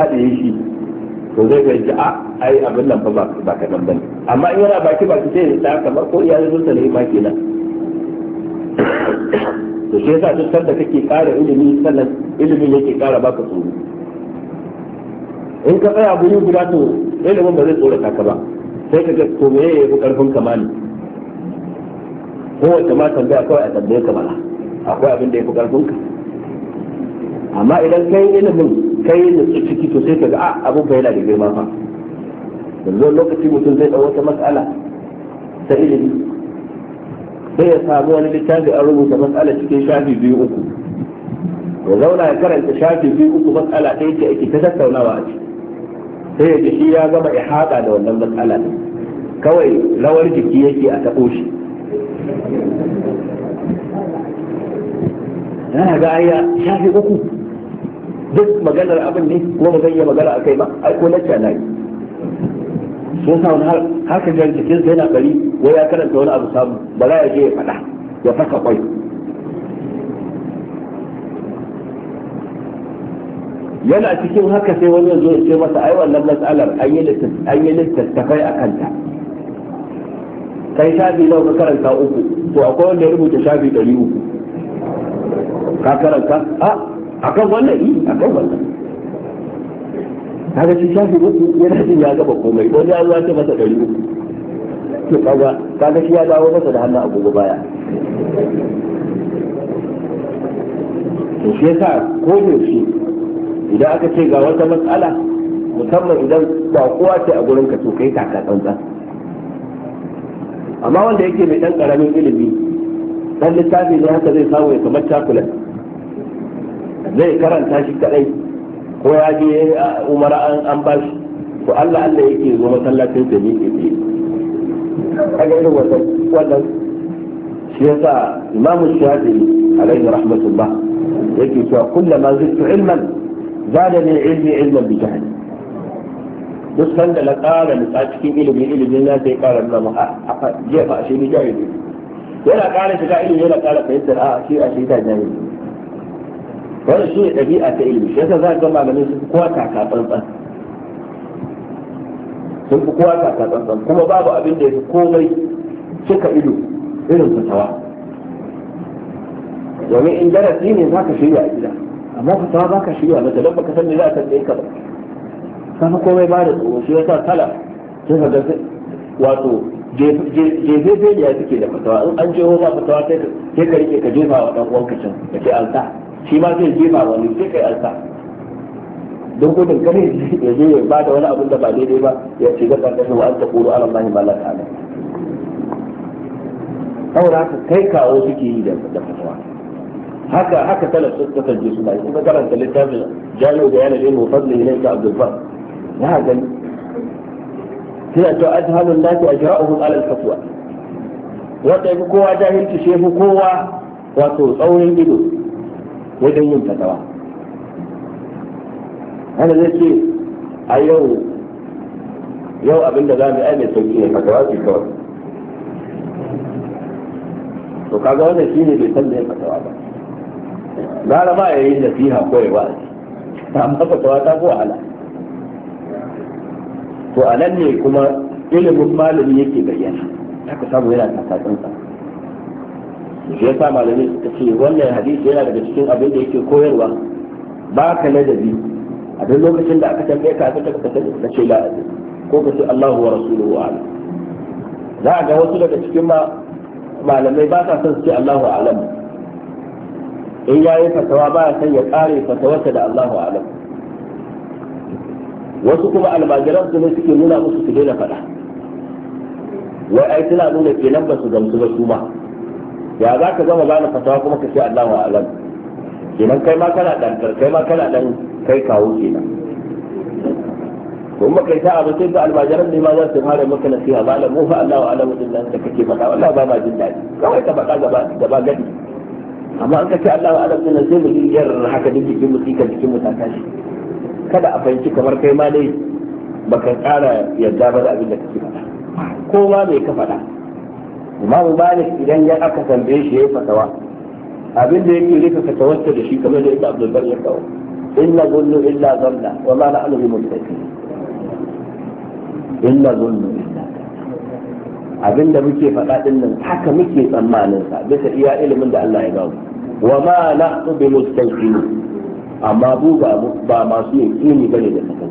haɗe shi to zai gaji a ah, ai abin nan fa ba kaɗan ba bane amma in yana baki baki sai da haka kamar ko iyalin sun ne ma kenan to sai yasa duk sanda kake ƙara ilimi sannan ilimin yake ƙara baka tsoro in ka tsaya buyu guda to ilimin ba zai tsorata ka ba sai ka ga to meye yafi karfin Ko kowace ma tambaya kawai a tambaye ka mana akwai abin da yafi karfin ka amma idan kai ilimin kai nutsu ciki to sai ka ga a ah, abin fa yana da girma fa yanzu lokaci mutum zai wata mas'ala ta ilimi sai ya samu wani littafi an rubuta mas'ala cikin shafi biyu uku ya zauna ya karanta shafi biyu uku mas'ala ɗaya ce ake ta tattaunawa a ciki sai ya shi ya gama ihada da wannan mas'ala kawai rawar jiki yake a taɓo shi yana ga ya shafi uku duk maganar abin ne kuma ba zan iya magana a kai ba ai ko lacca na yi shi yasa wani harka ka ga jikin sa yana bari wai ya karanta wani abu samu ba za ya je ya faɗa ya fasa kwai yana cikin haka sai wani yanzu ya ce masa ai wannan matsalar an yi littattafai a kanta kai shafi nawa ka karanta uku to akwai wanda ya rubuta shafi ɗari uku ka karanta a akan wannan i akan wannan kaga shi shafi yana jin ya gaba komai wani ya zuwa ce masa dari uku to kaga kaga shi ya dawo masa da hannun agogo baya to shi yasa ko yaushe idan aka ce ga wata matsala musamman idan ba kowa ce a gurin ka to kai taka tsantsan amma wanda yake mai dan karamin ilimi dan littafi ne haka zai samu ya kamar cakulat zai karanta shi kadai ko ya je umar an ba shi to Allah Allah yake zo masallacin da yake ce kaga irin wannan wannan shi yasa Imam Shafi'i alaihi rahmatullah yake cewa kullama zittu ilman zadani ilmi ilman bi jahli duk sanda na ƙara nutsa cikin ilimin ilimin na sai ƙara nuna mu ah, a jefa shi ni jahili yana ƙara shiga ilimin yana ƙara fahimtar a ah, shi a shi ta jahili wannan shi ne ɗabi'a ta ilimi shi yasa za ka gama ganin sun fi kowa kaka tsantsan sun fi kowa kaka tsantsan kuma babu abin da ya fi komai cika ido irin tawa domin in darasi ne za ka shirya a gida amma tawa za ka shirya mata don baka san me za ka tsaye ka ba ka fi komai ba da tsoro shi yasa kala sun ka ga wato jefe ne ya suke da fatawa in an jefo ba fatawa sai ka rike ka jefa wa ɗan uwanka can ka ce an shi ma zai jefa wani sai kai alsa don gudun kare ya je ya bada wani abin da ba daidai ba ya ce ga karkashin wa an ta kuro ala mahi mala ta ala saboda haka kai kawo suke yi da fatawa haka haka talab sun kasance suna yi kuma karanta littafin jami'u da yanar ilmu fadli ne ta abdul na ya gani sai to ajhalun nasu ajra'uhum ala al-fatwa Wata yafi kowa jahilci shehu kowa wato tsaurin ido wajen yin fatawa hana zai ce a yau yau abin da za mu yi mai sauki ne fatawa ce kawai to kaga wannan shine bai san da yin fatawa ba gara ma ya yi nasiha ko ya ta amma fatawa ta fi wahala to a nan ne kuma ilimin malami yake bayyana ka samu yana takatsinsa shi yasa malamai suka ce wannan hadisi yana daga cikin abin da yake koyarwa ba ka ladabi a duk lokacin da aka tambaye ka aka ka sani ka ce la ko ka ce Allahu wa rasuluhu a'lam za a ga wasu daga cikin malamai ba sa son su ce Allahu a'lam in ya yi fatawa ba san ya kare fatawarsa da Allahu a'lam wasu kuma almajiran su ne suke nuna musu su daina faɗa wai ai suna nuna kenan ba su gamsu ba su ma ya za ka zama na fatawa kuma ka ce Allah wa alam kenan kai ma kana dan kai ma kana dan kai kawo kenan kuma kai ta abu sai da almajiran ne ma za su fara maka nasiha malam mu fa Allah wa alam din nan da kake fata wallahi ba ma jin dadi kawai ka faɗa gaba gaba gadi amma an ka ce Allah wa alam din nan sai mu yar haka din jikin mu sika jikin mu ta tashi kada a fahimci kamar kai ma dai baka ƙara yadda ba da abin da kake faɗa ko ma me ka faɗa imamu malik idan ya aka tambaye shi yayi fatawa abin da yake rika fatawarsa da shi kamar da ibnu abdul bar ya kawo illa zullu illa zanna wa ma na'lamu bi illa zullu abin da muke faɗa din nan haka muke tsammanin sa bisa iya ilimin da Allah ya ba mu wa ma na'tu bi mustaqim amma bu ba masu yaqini bane da saka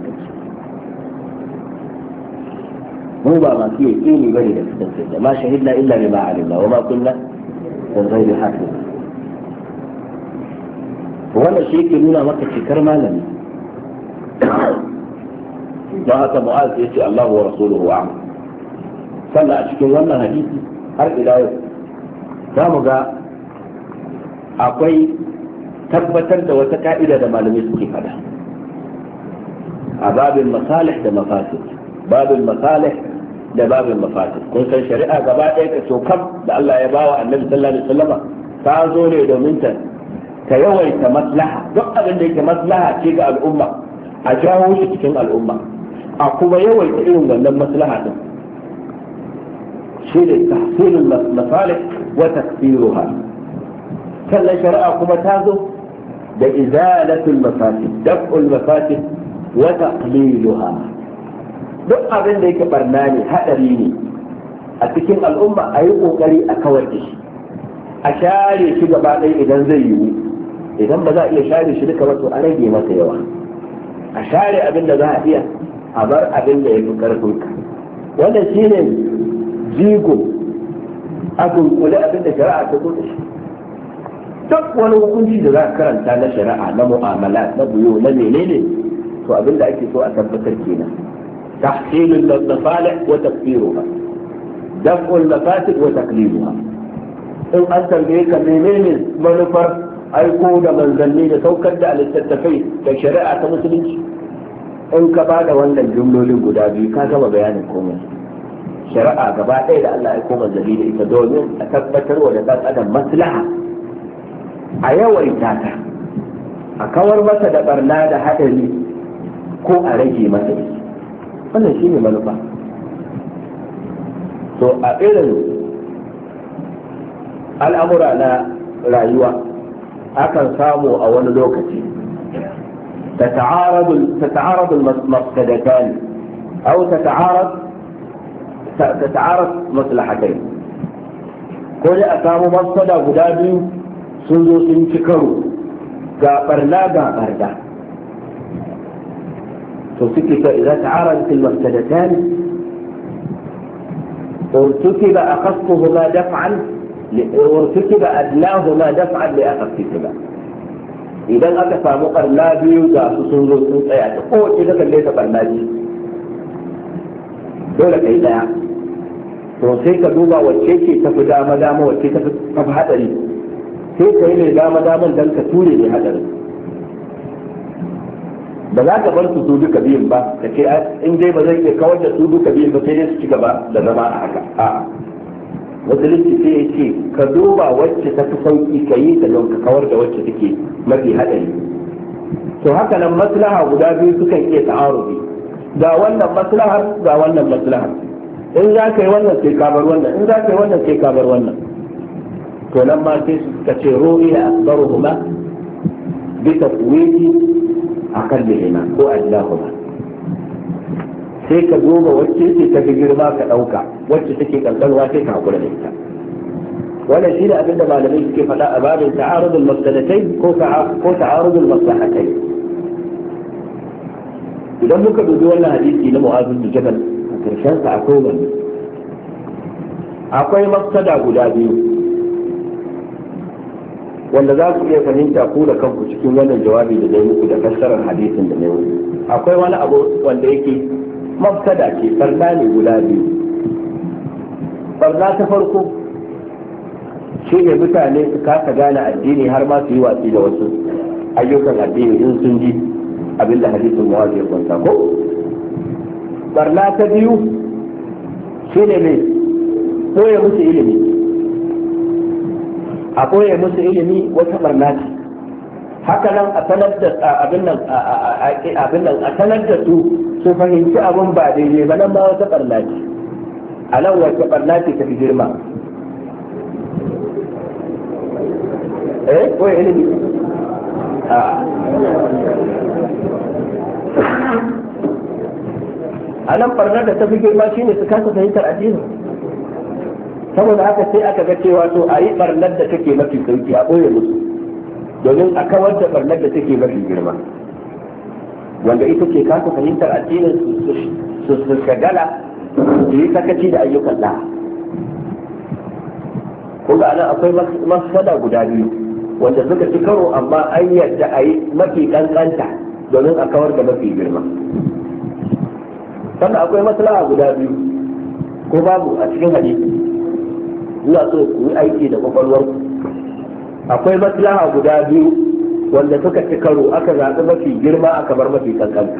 mu ba masu yaƙini bane da fitar da ma shahidna illa bima alimna wa ma kunna min ghairi hafiz wannan shi yake nuna maka cikar malami don haka mu'az ya ce Allah wa rasuluhu wa sannan a cikin wannan hadisi har ila yau za mu ga akwai tabbatar da wata ka'ida da malamai suke fada a babin masalih da mafasid babin masalih da babin mafati kun san shari'a gaba ɗaya ka kam da Allah ya bawa annabi sallallahu alaihi wasallama ta zo ne domin ta ta yawaita maslaha duk abin da yake maslaha ce ga al'umma a jawo shi cikin al'umma a kuma yawaita irin wannan maslaha din shi ne tahsilul masalih wa takfiruha sannan shari'a kuma ta zo da izalatul mafasid daf'ul mafasid wa taqliluha duk abin da yake barna ne haɗari ne a cikin al'umma a yi ƙoƙari a kawar da shi a share shi gaba ɗaya idan zai yiwu idan ba za a iya share shi duka ba to a rage masa yawa a share abin da za a iya a bar abin da ya fi ƙarfin ka shi ne jigo a dunkule abin da shari'a ta zo da shi duk wani hukunci da za a karanta na shari'a na mu'amala na buyo na menene to abin da ake so a tabbatar kenan تحكيم المصالح وتكبيرها دفع المفاسد وتقليلها او اثر بيك منين من فر اي كودا من ذنين سو كدا للتتفين كشريعة مسلمش ان كبادا ولا الجملة لقدا بي كذا بيان الكومن شريعة كبادا الى الله يكون الزبيل ايسا دولين اتكبتر ونبات ادم مسلحة ايا ويتاتا اكور مسا برنادة حتى لي كو اريجي مسلمش wannan shi ne manufa to a irin al'amura na rayuwa akan samu a wani lokaci ta تتعارض ta أو maslahatai ko مصلحتين a samu مفسدة guda biyu sun zo sun ci karo ga barna ga barda ارتكب إذا تعارضت المفسدتان ارتكب أخفهما دفعا ارتكب أدناهما دفعا لأخفهما إذا أنت فاهمك لا بيوجا سسول سيئات قوت إذا كان ليس فالمادي دولة كيلا وسيك دوبا وشيكي تفدا مدامو وشيكي تفدا مدامو وشيكي تفدا مدامو وشيكي تفدا مدامو وشيكي تفدا مدامو وشيكي تفدا مدامو ba za ka bar su su duka biyun ba ka ce ah, in dai ba zai iya kawar da su duka biyun ba sai dai su ci gaba da zama a haka a musulunci sai ya ce ka duba wacce ta fi sauki ka yi da don ka kawar da wacce take mafi haɗari to haka nan maslaha guda biyu sukan iya ta'arubi ga wannan maslaha, ga wannan maslaha. in za ka yi wannan sai ka bar wannan in za ka yi wannan sai ka bar wannan to nan ma sai ka ce ru'i asbaruhuma bi tafwidi akallihima ko allahuma. sai ka zo ga wacce ce ta girma ka ɗauka wacce take ƙanƙanwa sai ka haƙura da ita wannan shi da abinda malamai suke faɗa a babin ta'arudul maslahatai ko ta'arudul maslahatai idan muka dubi wannan hadisi na mu'azin da jabal a karshen sa akwai wani akwai mafsada guda biyu wanda za ku iya fahimta ku da kanku cikin wannan jawabi da dai muku da fassarar hadisin da nayi akwai wani abu wanda yake mabtada ce farda ne guda biyu farda ta farko shi ne mutane su kasa gane addini har ma su yi watsi da wasu ayyukan addini in sun ji da hadisin muwazi ya kwanta ko barna ta biyu shi ne mai ɓoye musu ilimi a koya musu ilimi wata barna ce haka nan a sanar da abin nan a sanar da su su fahimci abin ba daidai ba nan ba wata barna ce a nan wata barna ce ta fi girma eh ɓoye ilimi a nan barnar da ta fi girma shine su kasa fahimtar addini saboda haka sai aka ga cewa to a yi barnar da take mafi sauki a ɓoye musu domin a kawar da barnar da take mafi girma wanda ita ce kasa fahimtar addinin su su shagala su yi sakaci da ayyukan da kuma anan akwai masada guda biyu wanda suka ci karo amma an yadda a yi mafi kankanta domin a kawar da mafi girma sannan akwai maslaha guda biyu ko babu a cikin hadisi ina so ku yi aiki da kwakwalwar akwai maslaha guda biyu wanda suka ci karo aka zaɓi mafi girma aka bar mafi kankanta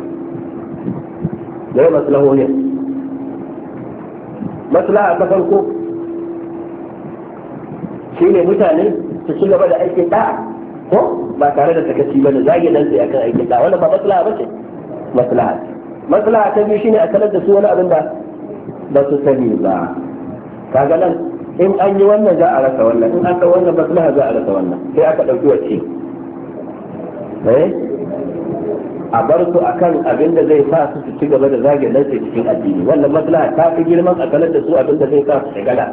da maslahohin maslaha ta farko shi ne mutane su ci gaba da aikin da'a ko ba tare da sakaci ba da zage nan sai akan aikin da'a wannan ba maslaha ba ce maslaha maslaha ta biyu ne a sanar da su wani abin da ba su sani ba kaga nan in an yi wannan za a rasa wannan in an wannan maslaha za a rasa wannan sai aka ɗauki wacce eh? a bar su kan abin da zai sa su ci gaba da zage nan sai cikin addini wannan maslaha ta fi girman a kalar da su abin da zai sa su shigala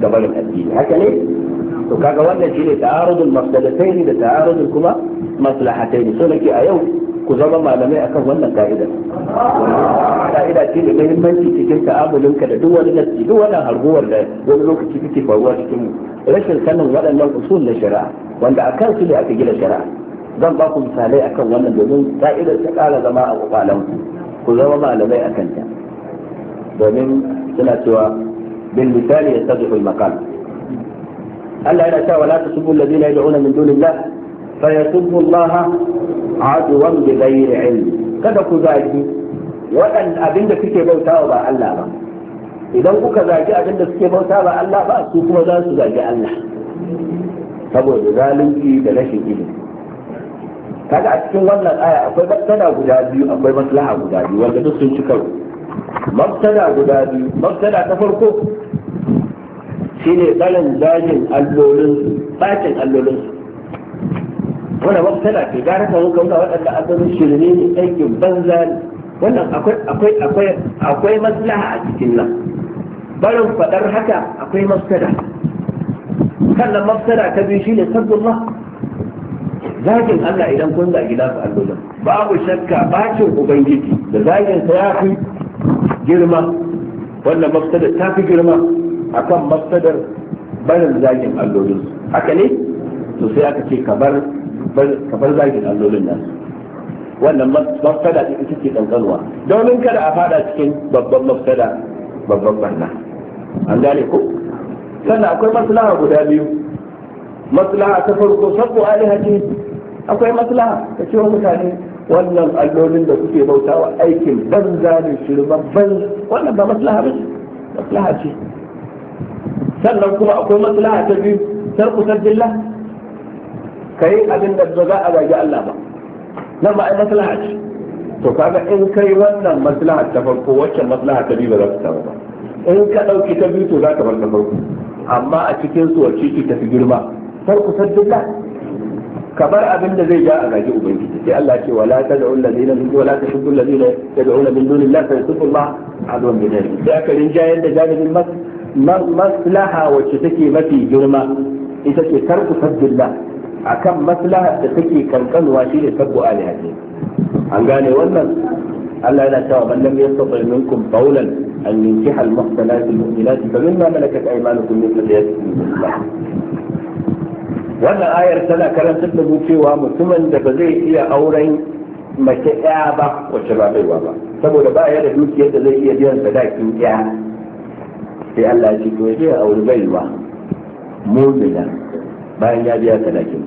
da barin addini haka ne to kaga wannan ne ta'arudul mafsadatayn da ta'arudul kuma maslahatayn so nake a yau ku zama malamai akan wannan ka'idar ka'ida ce da muhimmanci cikin ta'amulinka da duk wani nasi duk wannan harguwar da wani lokaci kake faruwa cikin rashin sanin waɗannan usul na shari'a wanda akan su ne aka gina shari'a zan ba ku misalai akan wannan domin ka'idar ta ƙara zama a kwakwalen ku ku zama malamai akan ta domin suna cewa bin misali ya sadu maqal Allah yana cewa la tasubbu alladhina yad'una min dunillah fa yasubbu Allah aduwan bi ghairi ilm kada ku zaki waɗan abin da bautawa ba Allah ba idan kuka zaki abinda suke bauta ba Allah ba su kuma za su zaki Allah saboda zalunci da rashin ilimi kaga a cikin wannan aya akwai mabtada guda biyu akwai maslaha guda biyu wanda duk sun ci karo mabtada guda biyu mabtada ta farko shine barin zagin allolin bakin allolin wanda wasu tana ke gara ka zuka wuta waɗanda asalin shirme ne aikin banza ne wannan akwai maslaha a cikin nan barin faɗar haka akwai mafsada sannan mafsada ta biyu shine sabbullah zagin Allah idan kun zagi nasu allolin babu shakka bakin, ubangiji da zagin sa ya fi girma wannan mafsada ta fi girma akan mafsadar barin zagin allolin haka ne to sai aka ce ka bar zagin allolin nan wannan mafsada ce ita ce kankanwa domin kada a fada cikin babban mafsada babban barna an gane ko sannan akwai maslaha guda biyu maslaha ta farko sabu alihaji akwai maslaha ta ce mutane wannan allolin da kuke bautawa aikin banza ne shirman ban wannan ba maslaha ba maslaha ce sannan kuma akwai maslaha ta biyu tarku sabbillah kai abin da ba za a gaji Allah ba nan ba ai maslaha ce to kaga in kai wannan maslaha ta farko wacce maslaha ta biyu ba za ta samu ba in ka dauki ta biyu to za ka bar ta farko amma a cikin su wacce ce ta fi girma tarku ka bar abin da zai ja a gaji ubangiji sai Allah ce wala tad'u alladheena min wala tashuddu alladheena yad'una min dunillahi fa yasubbu Allah adwan bi dhalik da ka rinjayar da jami'in mas maslaha wacce take mafi girma ita ce karku sabbillah akan maslaha da take kankanuwa ne sabbu alihati an gane wannan Allah yana cewa man lam yastati minkum qawlan an yankiha al-muhsanat al-mu'minat fa mimma malakat aymanukum min sadaqatikum wannan ayar tana karantar da mu cewa mutumin da ba zai iya auren mace ɗaya ba wacce ba baiwa ba saboda ba ya da dukiyar da zai iya biyan sadakin ɗaya sai Allah ya ce to yaje a auri baiwa mu'mina bayan ya biya talakin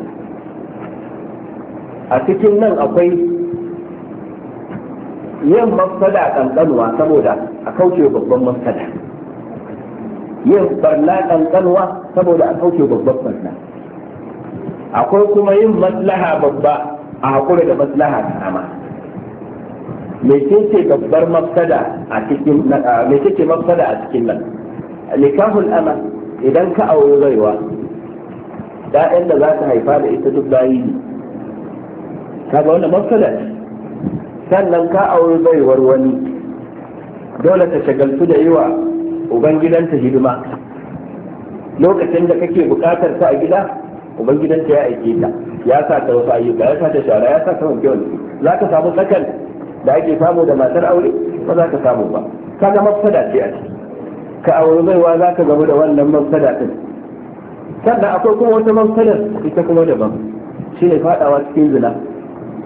a cikin nan akwai yin mafsada kankanuwa saboda a kauce babban mafsada yin barna kankanuwa saboda a kauce babban barna akwai kuma yin maslaha babba a haƙura da maslaha hama me ce babbar mafsada a cikin nan nikahul ama idan ka aure baiwa ɗayan da za ta haifa da ita duk bayi ne ga wannan mafsada sannan ka aure baiwar wani dole ta shagaltu da yiwa ubangidanta hidima lokacin da kake bukatar ta a gida ubangidanta ya aike ta ya sa ta wasu ayyuka ya sa ta shara ya sa ta wanke wani. za ka samu tsakan da ake samu da matar aure ba za ka samu ba kaga mafsada ce a ciki ka auri baiwa za ka gamu da wannan mamsada ɗin sannan akwai kuma wata mamsadar ita kuma daban shi ne faɗawa cikin zina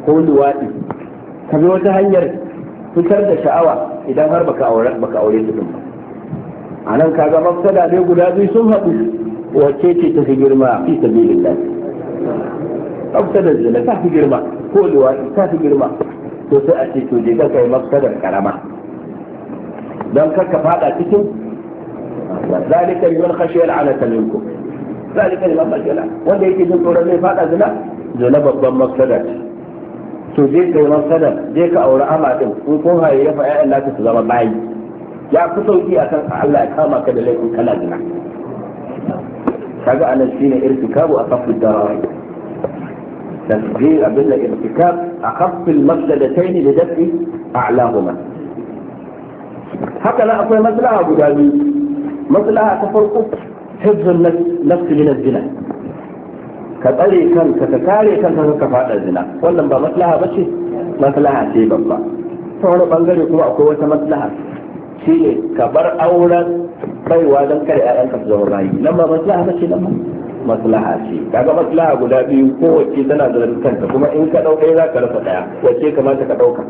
ko luwaɗi ka bi wata hanyar fitar da sha'awa idan har baka aure baka aure su ba a nan kaga mafsada ne guda biyu sun haɗu wacce ce ta fi girma fi sabilillah mafsadar zina ta fi girma ko luwaɗi ta fi girma to sai a ce to je ka kai mafsadar karama don kar ka fada cikin ذلك لمن خشي العنة منكم ذلك لمن خشي العنة wanda yake jin tsoron zai fada zina zina babban mafsada ce to zai kai mafsada je ka auri ama din in kun haye ya fa ƴaƴan naka su zama bayi ya fi sauki akan Allah ya kama ka da laifin kana zina kaga anan shine irtikabu asafu darai تسجيل أبدا الارتكاب أخف المفسدتين لدفع أعلاهما haka nan akwai maslaha guda biyu maslaha ta farko hifzun nafsi min zina ka tsare kanka ka kare kanka ka fada zina wannan ba maslaha ba ce maslaha ce babba ta wani bangare kuma akwai wata maslaha shi ne ka bar auren baiwa don kare ƴaƴanka su zama bayi nan maslaha ba ce maslaha ce kaga maslaha guda biyu kowace tana da kanta kuma in ka ɗauka za rasa ɗaya wacce kamata ka ɗauka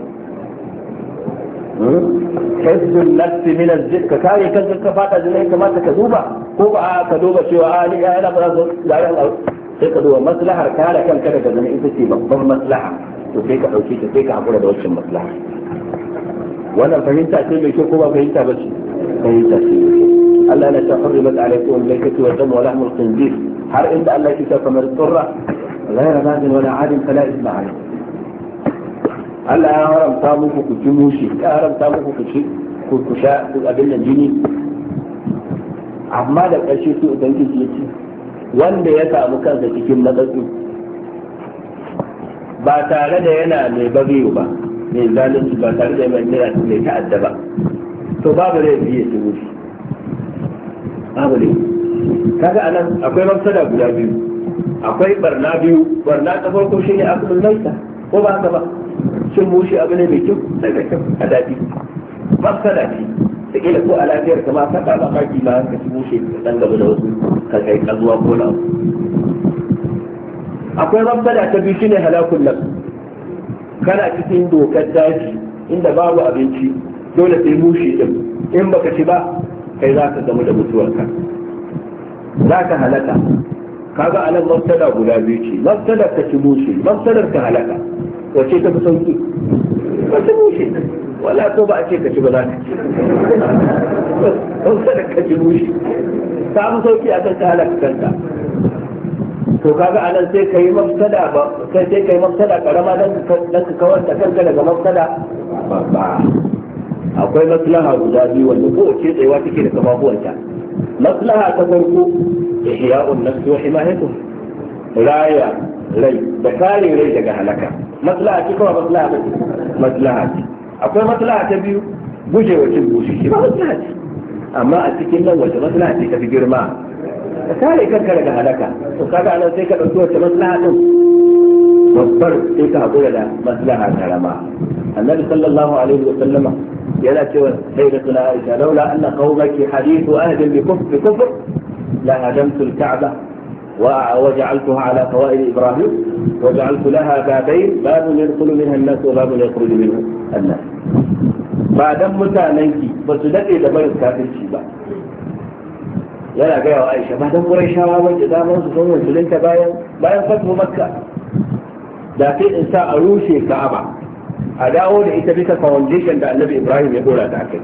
hizbun nafsi min azzid ka kare kanka ka fada jin kamata ka duba ko ba ka duba cewa a ah, ni ga yana ba zo da Allah sai ka duba maslahar kare kanka daga zina ita ce babban maslaha to sai ka dauke ta sai ka hakura da wancan maslaha wannan fahimta ce mai kyau ko ba fahimta ba ce fahimta ce mai kyau Allah yana ta hurrimat alaikum al-maitatu wa damu wa lahmul khinzir har inda Allah ya ta kamar turra ghayra nadin wala adin fala isma alaikum Allah ya haramta muku ku ci mushi ya haramta muku ku ci ku abin nan jini amma da ƙarshe su idan ki ce wanda ya samu kansa cikin matsatsi ba tare da yana mai bagiyo ba mai zalunci ba tare da mai nira mai ta'adda ba to babu laifi ya ci mushi babu laifi kaga anan akwai mafsada guda biyu akwai barna biyu barna ta farko shine akhlul laifin, ko ba haka ba cin mushi abu ne mai kyau daga kyau a daɗi mafsada ce da kila ko a lafiyar ka ma saka ba kaki ba ka ci mushi ka dan gaba da wasu ka kai kazuwa ko na akwai mafsada ta biyu shine halakun nan. kana cikin dokar daji inda babu abinci dole sai mushi din in baka ci ba kai za ka gamu da mutuwarka za ka halaka kaga anan mafsada guda biyu ce mafsadar ka ci mushi mafsadar ka halaka wace ta fi sauki wata bushe wala to ba a ce ka ci ba za ka ci don kada ka ci bushe ta fi sauki a kan ka halaka kanta. to kaga nan sai kai mafsada ba sai sai kai mafsada karama dan ka kawar da kanka daga mafsada ba akwai maslaha guda biyu wanda ce tsayawa take da kafafuwanta maslaha ta farko ihya'un nafsi wa himayatuha raya rai da kare rai daga halaka maslaha ce kawai maslaha ba maslaha ce akwai maslaha ta biyu guje wa cin bushi shi ba maslaha ce amma a cikin nan wace maslaha ce ta fi girma ka kare kanka daga halaka to kaga anan sai ka ɗauki wace maslaha din babbar sai ka haƙura da maslaha karama annabi sallallahu alaihi wa sallama yana cewa sai da tuna aisha laula anna qaumaki hadithu ahlin bi kufr la hadamtu al-ka'ba وجعلتها على فوائد إبراهيم وجعلت لها بابين باب يدخل منها الناس وباب يخرج منه الناس بعدم متاننki ba su daɗe da barin kafirci ba yana gaya wa aisha ba dan kurai shawa wanda damar sun musulunta bayan bayan fatu makka da sai in sa a rushe ka'aba a dawo da ita bisa foundation da annabi ibrahim ya bora ta kai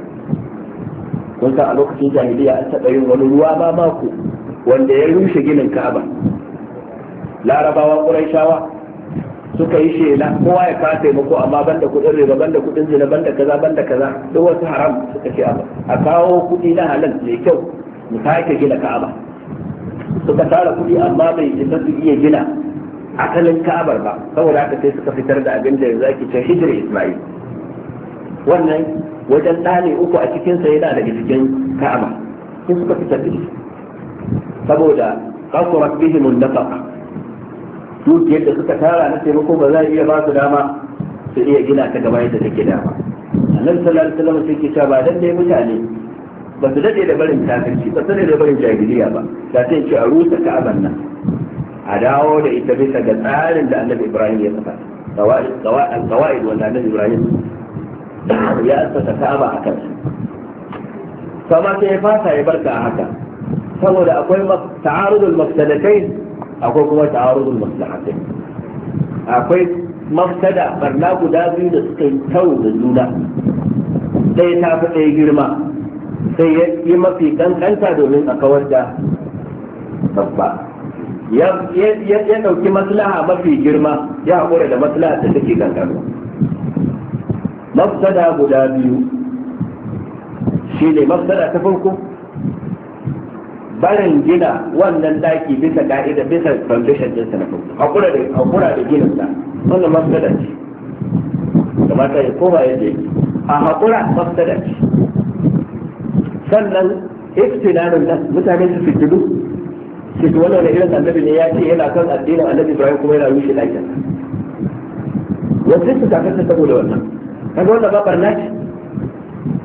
kun a lokacin jahiliya an taɓa yin wani ruwa wanda ya rushe ginin ka'aba larabawa ƙuraishawa suka yi shela kowa ya kawo taimako amma banda kudin riba banda kuɗin zina banda kaza banda kaza duk wasu haram suka ce a kawo kuɗi na halal mai kyau mu sake gina ka'aba suka tara kuɗi amma bai isa su iya gina asalin ka'abar ba saboda haka sai suka fitar da abin da yanzu ake ce hijira isma'il wannan wajen dane uku a cikinsa yana daga cikin ka'aba sai suka fitar da shi saboda kasurat bihimun nafaqa dukiyar da suka tara na taimako ba za a iya ba su dama su iya gina ta gaba yadda take dama annabi sallallahu alaihi wasallam sai ke cewa ba dan dai mutane ba su dade da barin kafirci ba su dade da barin jahiliya ba da sai ce a rusa ka'aban nan a dawo da ita bisa ga tsarin da annabi ibrahim ya saka kawai qawaid wanda annabi ibrahim ya saka ka'aba a kansu sama sai ya fasa ya barka a haka saboda akwai ta'arudul mafsadatain akwai kuma ta'arudul maslahatain akwai maftada barna guda biyu da suka yi tau da juna ɗaya ta fi ɗaya girma sai ya yi mafi kankanta domin a kawar da babba ya ɗauki maslaha mafi girma ya haƙura da maslaha da take kankanta Maftada guda biyu shi ne maftada ta farko barin gina wannan daki bisa ka'ida bisa foundation din na farko hakura da hakura da gina sa wannan mafsada ce kamata ya koma yadda yake a hakura mafsada ce sannan iftilanin nan mutane su fitilu su ji wannan irin annabi ne ya ce yana kan addinin annabi Ibrahim kuma yana rushe dakin wasu su takasa saboda wannan kaga wannan ba barna ce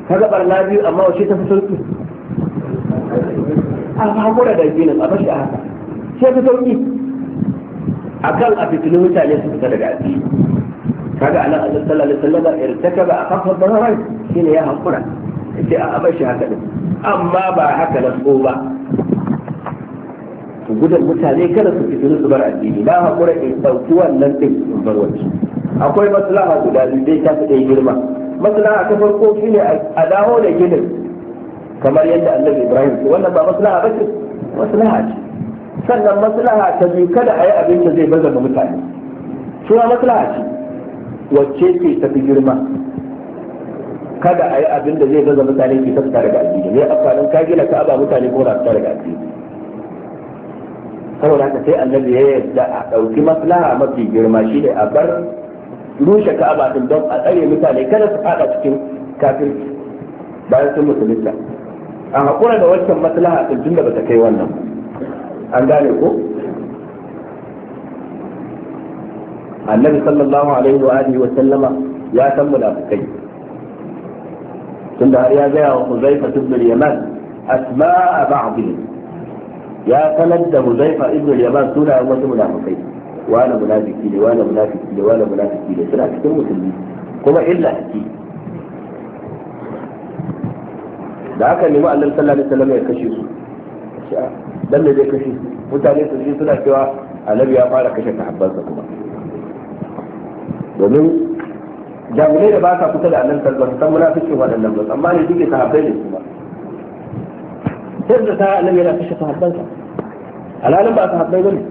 kaga barna biyu amma wace ta fi sauki a hakura da addinin a bashi a haka sai fi sauki kan a fitinin mutane su fita daga addini kaga anan Allah sallallahu alaihi wasallam a akhaffa dararai shine ya hakura sai a bashi haka din amma ba haka na so ba Ku gudan mutane kada su fitinu su bar addini na hakura in ɗauki wannan ɗin in bar wancan akwai maslaha guda biyu dai ta fi ɗaya girma maslaha ta farko shine a dawo da ginin kamar yadda annabi ibrahim wannan ba maslaha ba ce maslaha ce sannan maslaha ta biyu kada a yi abin da zai baza ga mutane suna maslaha ce wacce ce ta fi girma kada a yi abin da zai baza mutane ke tafta daga addini zai amfanin ka gina ka aba mutane ko na fita daga addini saboda haka sai annabi ya yadda a ɗauki maslaha mafi girma shi ne a bar rushe ka'aba din don a tsare mutane kada su fada cikin kafirci bayan sun musulunta a haƙura da wancan maslaha a tun da bata kai wannan an gane ko annabi sallallahu alaihi wa alihi wa sallama ya san munafikai tunda har ya gaya wa Huzaifa ibn al-Yaman asma'a ba'dih ya sanar da Huzaifa ibn al-Yaman suna wasu munafikai wani munafiki ne wani munafiki ne wani munafiki ne suna cikin musulmi kuma illa hakiki da haka nemi annabi sallallahu alaihi wasallam ya kashe su dan da zai kashe su mutane su shi suna cewa annabi ya fara kashe sahabbansa kuma domin jami'ai da ba sa kusa da annabi sallallahu alaihi wasallam munafikin waɗannan ba amma ne suke sahabbai ne kuma sai da ta annabi yana kashe sahabbansa alalan ba sahabbai bane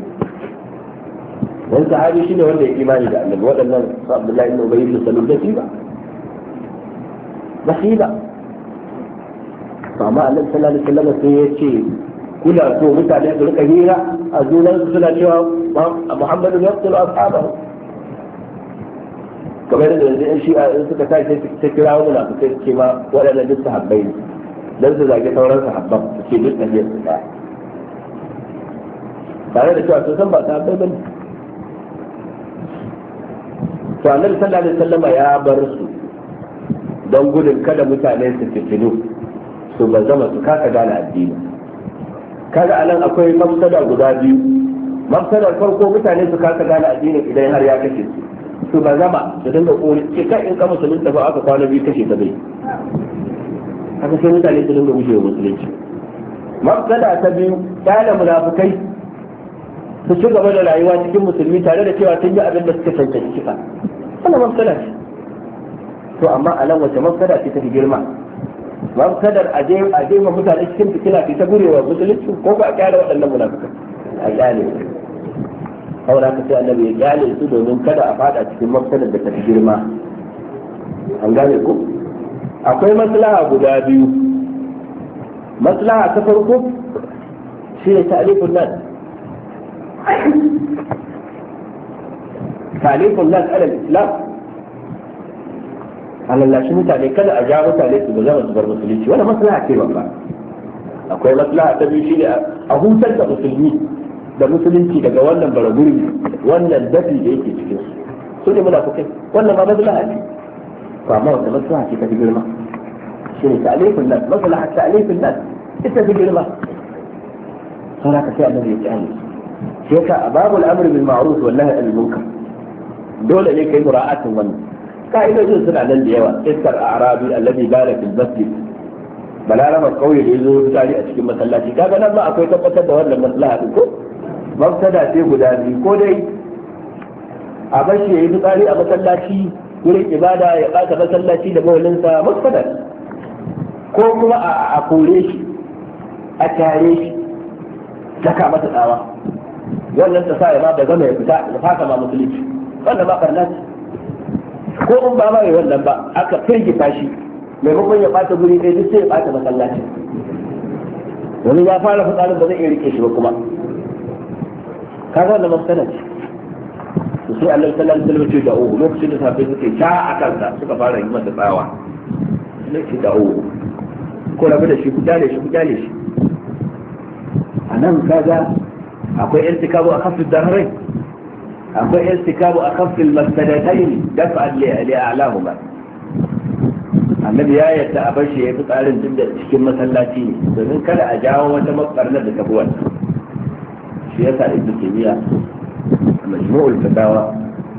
wani sahabi shine wanda ya imani da annabi waɗannan su Abdullahi ibn Ubay ibn Salul da ba ba ba to amma annabi sallallahu alaihi wasallam sai ya ce kuna to mutane su rika hira a su suna cewa muhammadu yaqtulu ashabahu kamar da yanzu in a in suka tashi ta kira wani na suka ce ma waɗannan duk sahabbai ne dan su zage sauran sahabban su ce duk tafiyar su ba tare da cewa su san ba sahabbai ba ne to annabi sallallahu alaihi wasallam ya bar su don gudun kada mutane su fitinu to ba zama su kasa gane addini kaga anan akwai mafsada guda biyu mafsada farko mutane su kasa gane addini idan har ya kashe su ba zama da dinga kori ke kai in ka musulunta ba aka kwana biyu kashe ta bai haka sai mutane su dinga gushe musulunci mafsada ta biyu kyale munafukai su ci gaba da rayuwa cikin musulmi tare da cewa sun yi abin da suka cancanci ka, wannan mafsada ce to amma a nan wace mafsada ce ta fi girma babu kadar a je a je ma mutane cikin fitina fi ta gurewa musulunci ko ba a kyara waɗannan munafikai a kyale saboda haka sai annabi ya kyale su domin kada a fada cikin mafsadar da ta fi girma an gane ko akwai maslaha guda biyu maslaha ta farko shi ne ta'alifun nan ta'alifun nan alal islam a lallashi mutane kada a ja mutane su ba zama su bar musulunci wani maslaha ce babba akwai maslaha ta biyu shine a hutar da musulmi da musulunci daga wannan baraguri wannan dafi da yake cikin su su ne munafukai wannan ma maslaha ce to amma wata maslaha ce ta fi girma shine ta'alifin nas maslaha ta'alifin nas ita fi girma sun haka sai annabi ya ci hannu sai ka babul amri bil ma'ruf wal nahy anil munkar dole ne kai mura'atin wannan ka'idojin suna nan da yawa iskar arabi allazi bala fil masjid balarama kauye da yazo mutane a cikin masallaci kaga nan ba akwai tabbatar da wannan maslaha din ko mafsada ce guda biyu ko dai a bashi yi fitsari a masallaci wurin ibada ya ɓata masallaci da mawalinsa mafsada ko kuma a kore shi a tare shi saka masa tsawa wannan ta sa ya ma da zama ya fita ya fata ma musulunci wannan ba barna ko in ba mai wannan ba aka firgita shi maimakon ya bata guri ɗaya duk sai ya bata masallacin wani ya fara fitsarin ba zai iya rike shi ba kuma Ka ga wannan matsala ce su sai Allah sallallahu alaihi wasallam ce da uhu lokacin da safe suke ta a kansa suka fara yi masa tsawa ce da uhu ko rabu da shi ku dale shi ku dale shi a nan kaga akwai irtikabu a kafin dararai akwai istikabu a kafin masadatain dafa al'ahu ba. annabi ya yadda a bashi ya fi tsarin duk da cikin masallaci ne domin kada a jawo wata makarnar da tafi wannan shi yasa ibnu kimiyya a majmu'ul fatawa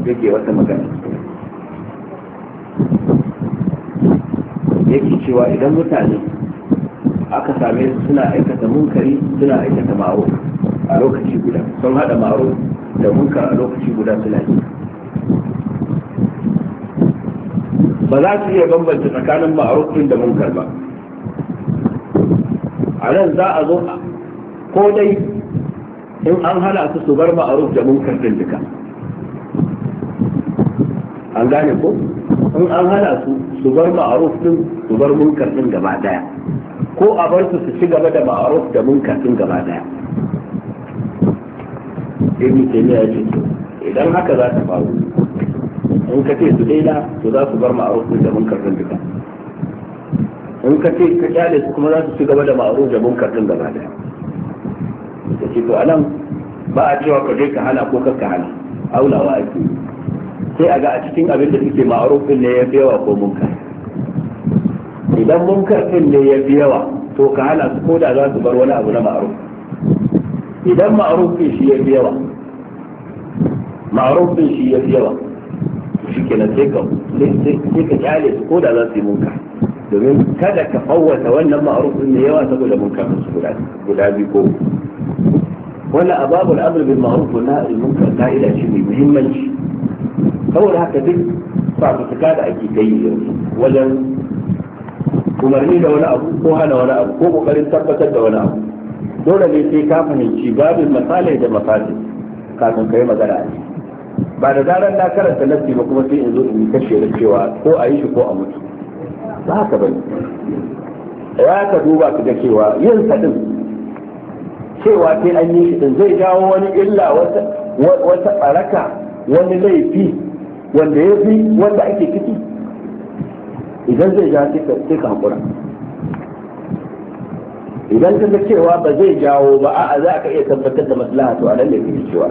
yake wata magana yake cewa idan mutane aka same su suna aikata munkari suna aikata maro a lokaci guda sun hada maro. da munkar a lokaci guda suna ba za su iya bambanta tsakanin ma'arufin da munkar ba a nan za a zo ko dai in an hana su su bar ma'aruf da munkar din duka an gane ko in an hana su su bar ma'aruf din su bar munkar din gaba daya ko a bar su su ci gaba da ma'aruf da munkar din gaba daya ibn taymiya ya ce idan haka za ta faru in ka ce su daina to za su bar ma'aruf da munkar din duka in ka ce ka kyale su kuma za su ci gaba da ma'aruf da munkar din gaba daya ta ce to anan ba a cewa ka je ka hana ko ka hana aulawa ake sai a ga a cikin abin da suke ma'aruf din ne ya fi yawa ko munkar idan munkar din ne ya fi yawa to ka hana su ko da za su bar wani abu na ma'aruf idan ma'aruf shi ya fi yawa ma'aruf din shi ya fi yawa shi kenan sai ka sai ka kyale su ko da za su domin kada ka fawwata wannan ma'aruf din da yawa saboda munka su guda biyu ko wannan ababul amr bil ma'ruf ce mai muhimmanci haka duk da wajen umarni da wani abu ko hana wani abu ko kokarin tabbatar da wani abu dole ne sai ka fahimci babin masalai da mafasid kafin kai magana a ciki ba da zarar na karanta lafi ba kuma sai in zo in yi kashe da cewa ko a yi shi ko a mutu ba haka ne ya ka duba ka ga cewa yin sadin cewa sai an yi shi din zai jawo wani illa wata wata baraka wani laifi wanda ya fi wanda ake ciki idan zai ja sai ka hakura idan ka cewa ba zai jawo ba a'a za ka iya tabbatar da maslaha to a nan ne cewa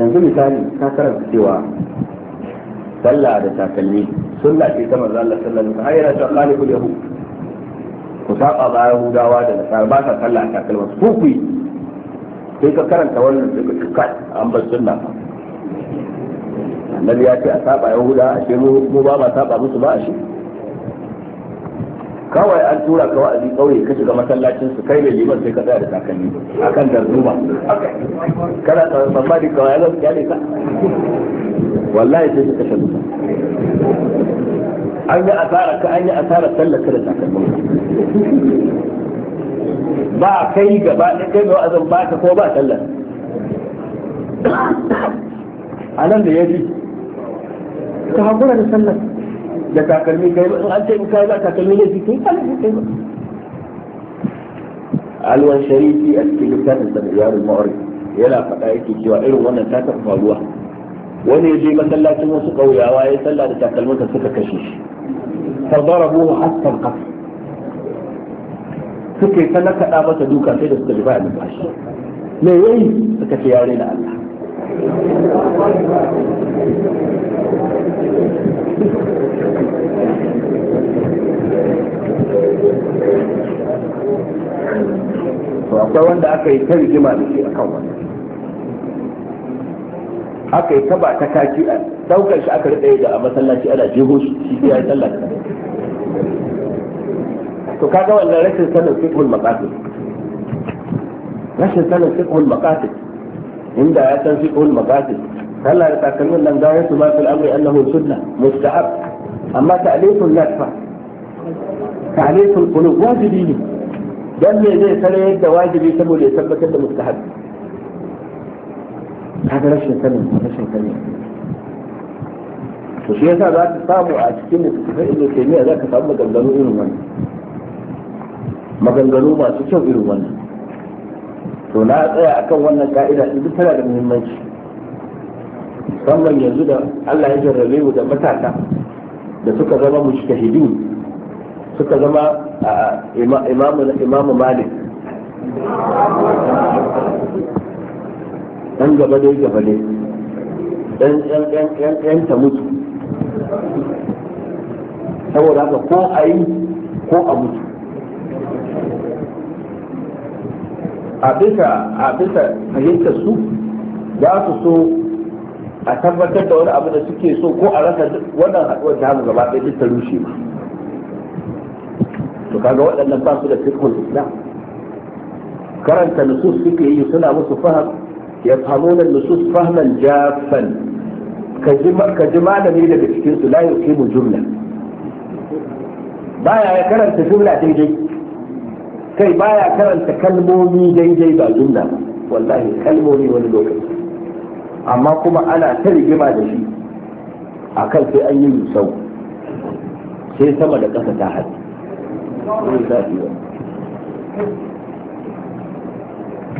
yanzu misali ka karanta cewa sallah da takalmi sunna ce ta manzo Allah sallallahu alaihi wasallam ayyana ta khaliful yahud ku saba ba yahudawa da nasara ba sa sallah a takalma su ku sai ka karanta wannan daga dukkan an bar sunna annabi ya ce a saba yahuda a ce mu ba ma saba musu ba a shi kawai an tura ka wa'azi kauye ka shiga masallacin su kai da liman sai ka tsaya da takalmi akan darduma kana tsammani kawai ya kyale ka wallahi sai suka shiga an yi asara ka an yi asara sallaka da takalmi ba kai gaba ɗaya kai mai wa'azin ba ka ko ba sallar a nan da ya ji ka hakura da sallar da takalmi kai in an ce in kai ba takalmi ne kai ba ne kai ba alwan sharifi a cikin littafin sa da yarul ma'arif yana faɗa yake cewa irin wannan ta taɓa faruwa wani ya je masallacin wasu ƙauyawa ya sallah da takalminsa suka kashe shi fadarabuhu hatta al-qatl suka yi ta nakaɗa masa duka sai da suka ji ba a numfashi me yayi suka ce yare da Allah akwai wanda aka yi ta rigima da shi a kan wani aka yi taba ta kaki a daukar shi aka riɗa da a masallaci ana jeho shi shi ya yi tsallaka to kaga wannan rashin sanin fiqhul maqasid rashin sanin fiqhul maqasid inda ya san fiqhul maqasid sallah da takalmin nan gaya su ma fil amri annahu sunna musta'ab amma ta'lifun latfa ta'liful qulub wajibi ne dan me zai kare yadda wajibi saboda ya tabbatar da mustahab kaga rashin sanin rashin sanin to shi yasa za ka samu a cikin littattafai ibn taymiya za ka samu maganganu irin wannan maganganu masu kyau irin wannan to na tsaya akan wannan ka'ida duk tana da muhimmanci musamman yanzu da Allah ya jarrabe mu da matasa da suka zama shi mujtahidin suka zama imamu malik dan gaba dai gaba ne dan yan ta mutu saboda haka ko a yi ko a mutu a bisa a bisa fahimtar su za su so a tabbatar da wani abu da suke so ko a rasa wannan haɗuwar ta hamu gaba ɗaya duk ta rushe ba to kaga waɗannan ba su da fikon islam karanta nusus suke yi suna musu fahim ya na nusus fahimtar Jafan, ka ji malami daga cikinsu su kimu jumla baya ya karanta jumla daidai kai baya karanta kalmomi daidai ba jumla wallahi kalmomi wani lokaci amma kuma ana ta rigima da shi a kan sai an yi rusau sai sama da ƙasa ta haɗu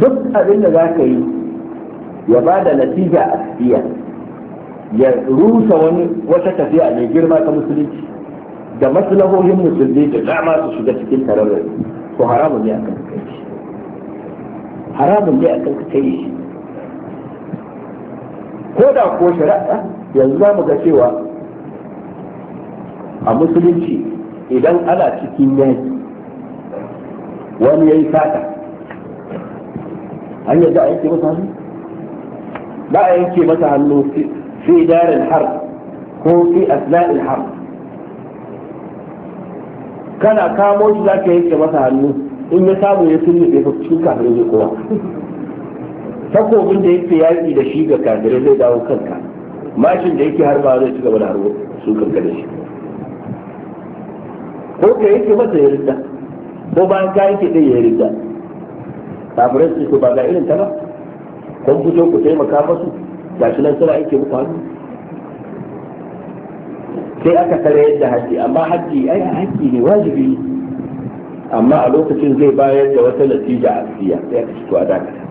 duk abin da za ka yi ya ba da natija a tafiya ya rusa wani wata tafiya mai girma ta musulunci da maslahohin musulmi da dama su shiga cikin tararrabi to haramun ne akan kai shi haramun ne akan kai shi ko da ko shari'a yanzu za mu ga cewa a musulunci idan ana cikin yaki wani ya yi sata an yadda a yanke masa hannu ba a yanke masa hannu fi darin har ko fi asna'il har kana kamo shi za ka yanke masa hannu in ya samu ya tunnuɓe ka cikin kafirai zai kowa takobin da yake yaƙi da shi ga kafirai zai dawo kanka mashin da yake harba zai ci gaba da harbo su kanka da shi ko ka yake masa ya rinda ko bayan ka yake ɗaya ya rinda kafirai su ba ga irin ta ba kun fito ku taimaka masu gashi nan suna aiki muku hannu sai aka tare yadda haji amma haji ai haji ne wajibi amma a lokacin zai bayar da wata natija a siya sai aka ci to a dakata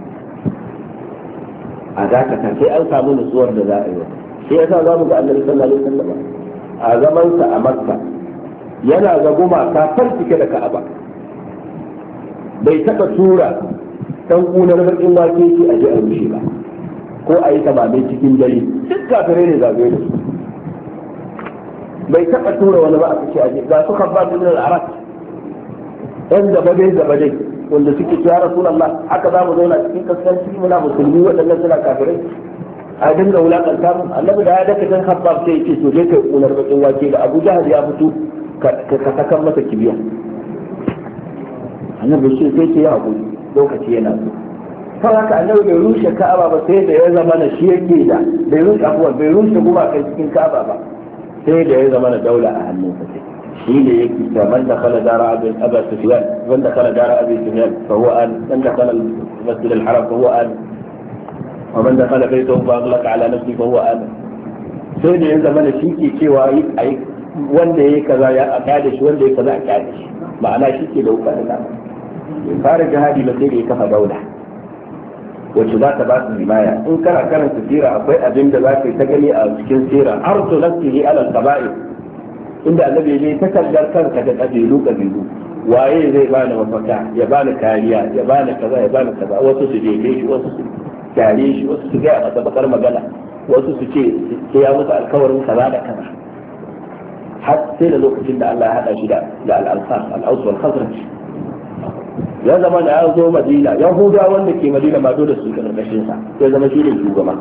a dakata sai an samu nutsuwar da za a yi sai yasa za mu ga annabi sallallahu alaihi wasallam a zamansa a makka yana ga gumaka farcike da ka'aba bai taka tura dan kunar bakin wake shi a ji a rushe ba ko a yi tamame cikin dare duk kafirai ne zagaye da su bai taɓa tura wani ba a kashe aje ga su kan ba da ba al'arat da ba zabadai wanda suke ya rasulullah haka za mu zauna cikin kaskanci muna musulmi waɗannan suna kafirai a dinga wulakanta mu annabi da ya daka kan habbab sai yake so dai kai unar bakin wake da abu jahal ya fito ka kan masa kibiya annabi shi sai ce ya hakuri lokaci yana so kan haka annabi bai rushe ka'aba ba sai da ya zama na shi yake da bai rushe abuwa bai rushe kuma kai cikin ka'aba ba سيدي سيد عيد من الدولة أهل موسى سيد يكتب من دخل دار أبي أبا سفيان من دخل دار أبي سفيان فهو أن من دخل المسجد الحرام فهو أن ومن دخل بيته فأغلق على نفسه فهو أن سيد عيد من الشيكي كي وايد أي وان ده كذا يا أكادش وان ده كذا أكادش معناه شيكي لو كان الأمر فارج هذه مسيري كفى دولة wacce za ta ba su limaya in kana karanta sira akwai abin da za ka yi ta gani a cikin sira har to nafsihi alal qaba'i inda annabi ne ta kallar kanka da kabilu kabilu waye zai ba ni mafaka ya ba ni kariya ya ba ni kaza ya bani kaza wasu su jefe shi wasu su kyare shi wasu su gaya masa bakar magana wasu su ce sai ya musu alkawarin kaza da kaza har sai da lokacin da Allah ya hada shi da al-ansar al-aus wal khazraj ya zama da ya zo madina huda wanda ke madina ma dole su karkashin sa ya zama shi ne shugaba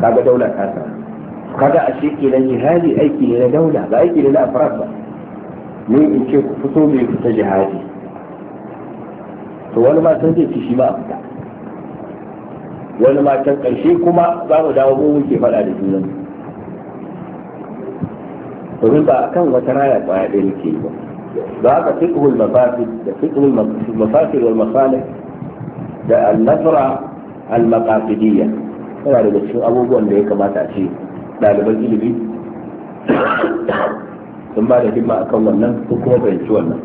kaga daula ta sa kaga a sheke nan jihadi aiki ne na daula ba aiki ne na afrad ba ni in ce ku fito mai fita jihadi to wani ma san zai ci shi ma a fita wani ma can karshe kuma za mu dawo mu muke faɗa da junan domin ba akan wata rana ɓaya ɗaya nake yi ba da haka fiqhul mafasid da fiqhul mafasid wal masalih da al-nasra al-maqasidiyya yana da cikin abubuwan da ya kamata a ce ɗaliban ilimi [COUGHS] sun ba da himma a kan wannan ko kuma fahimci wannan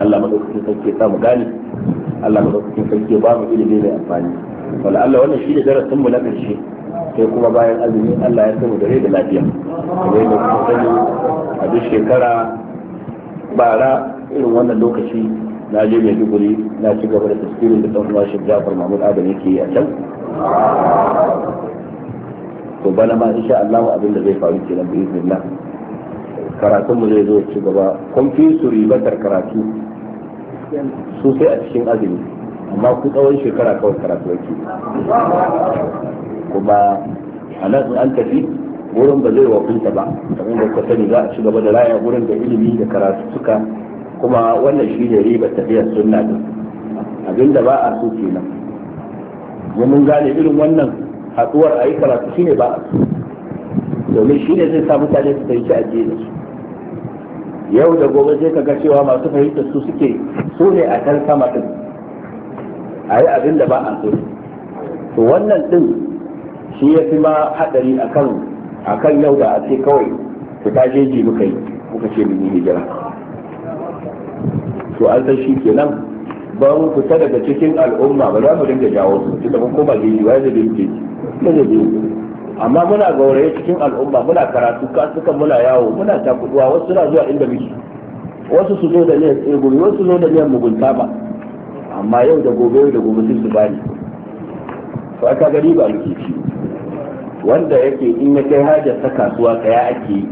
Allah madaukakin sarki ya samu gani Allah madaukakin sarki ya ba mu ilimi mai amfani wala Allah wannan shi ne darasin mu na karshe sai kuma bayan azumi Allah ya samu dare da lafiya kamar yadda kuka sani a duk shekara bara irin wannan lokaci na je mai duguri na ci gaba da tasirin da ɗan uwa shek jafar mahmud adam yake yi a can to bana ma insha Allah abin da zai faru kenan bi iznillah karatun mu zai zo ci gaba kun fi su ribatar karatu su sai a cikin azumi amma ku tsawon shekara kawai karatu yake kuma a nan an tafi wurin ba zai wakunta ba kamar da kuka sani za a ci gaba da raya wurin da ilimi da karatu suka kuma wannan shi ne ribar tafiyar sunna din abinda ba a so kenan mu mun gane irin wannan haɗuwar a yi karatu shi ne ba a so domin shi ne zai sa mutane su fahimci a su yau da gobe sai kaga cewa masu fahimtar su suke su ne a kan sama din a yi abin da ba a so to wannan din shi ya fi ma haɗari a kan a kan yau da a ce kawai fita ji muka yi muka ce mun yi hijira to an san shi kenan ba mu kusa daga cikin al'umma ba za mu dinga jawo su tunda mun koma jeji ba zai dinga jeji amma muna gauraye cikin al'umma muna karatu kasukan muna yawo muna takuduwa wasu suna zuwa inda muke wasu su zo da niyan tsegumi wasu su zo da niyan mugunta ba amma yau da gobe yau da gobe sun su bani to aka gani ba muke ci wanda yake in ya kai hajar ta kasuwa kaya ake yi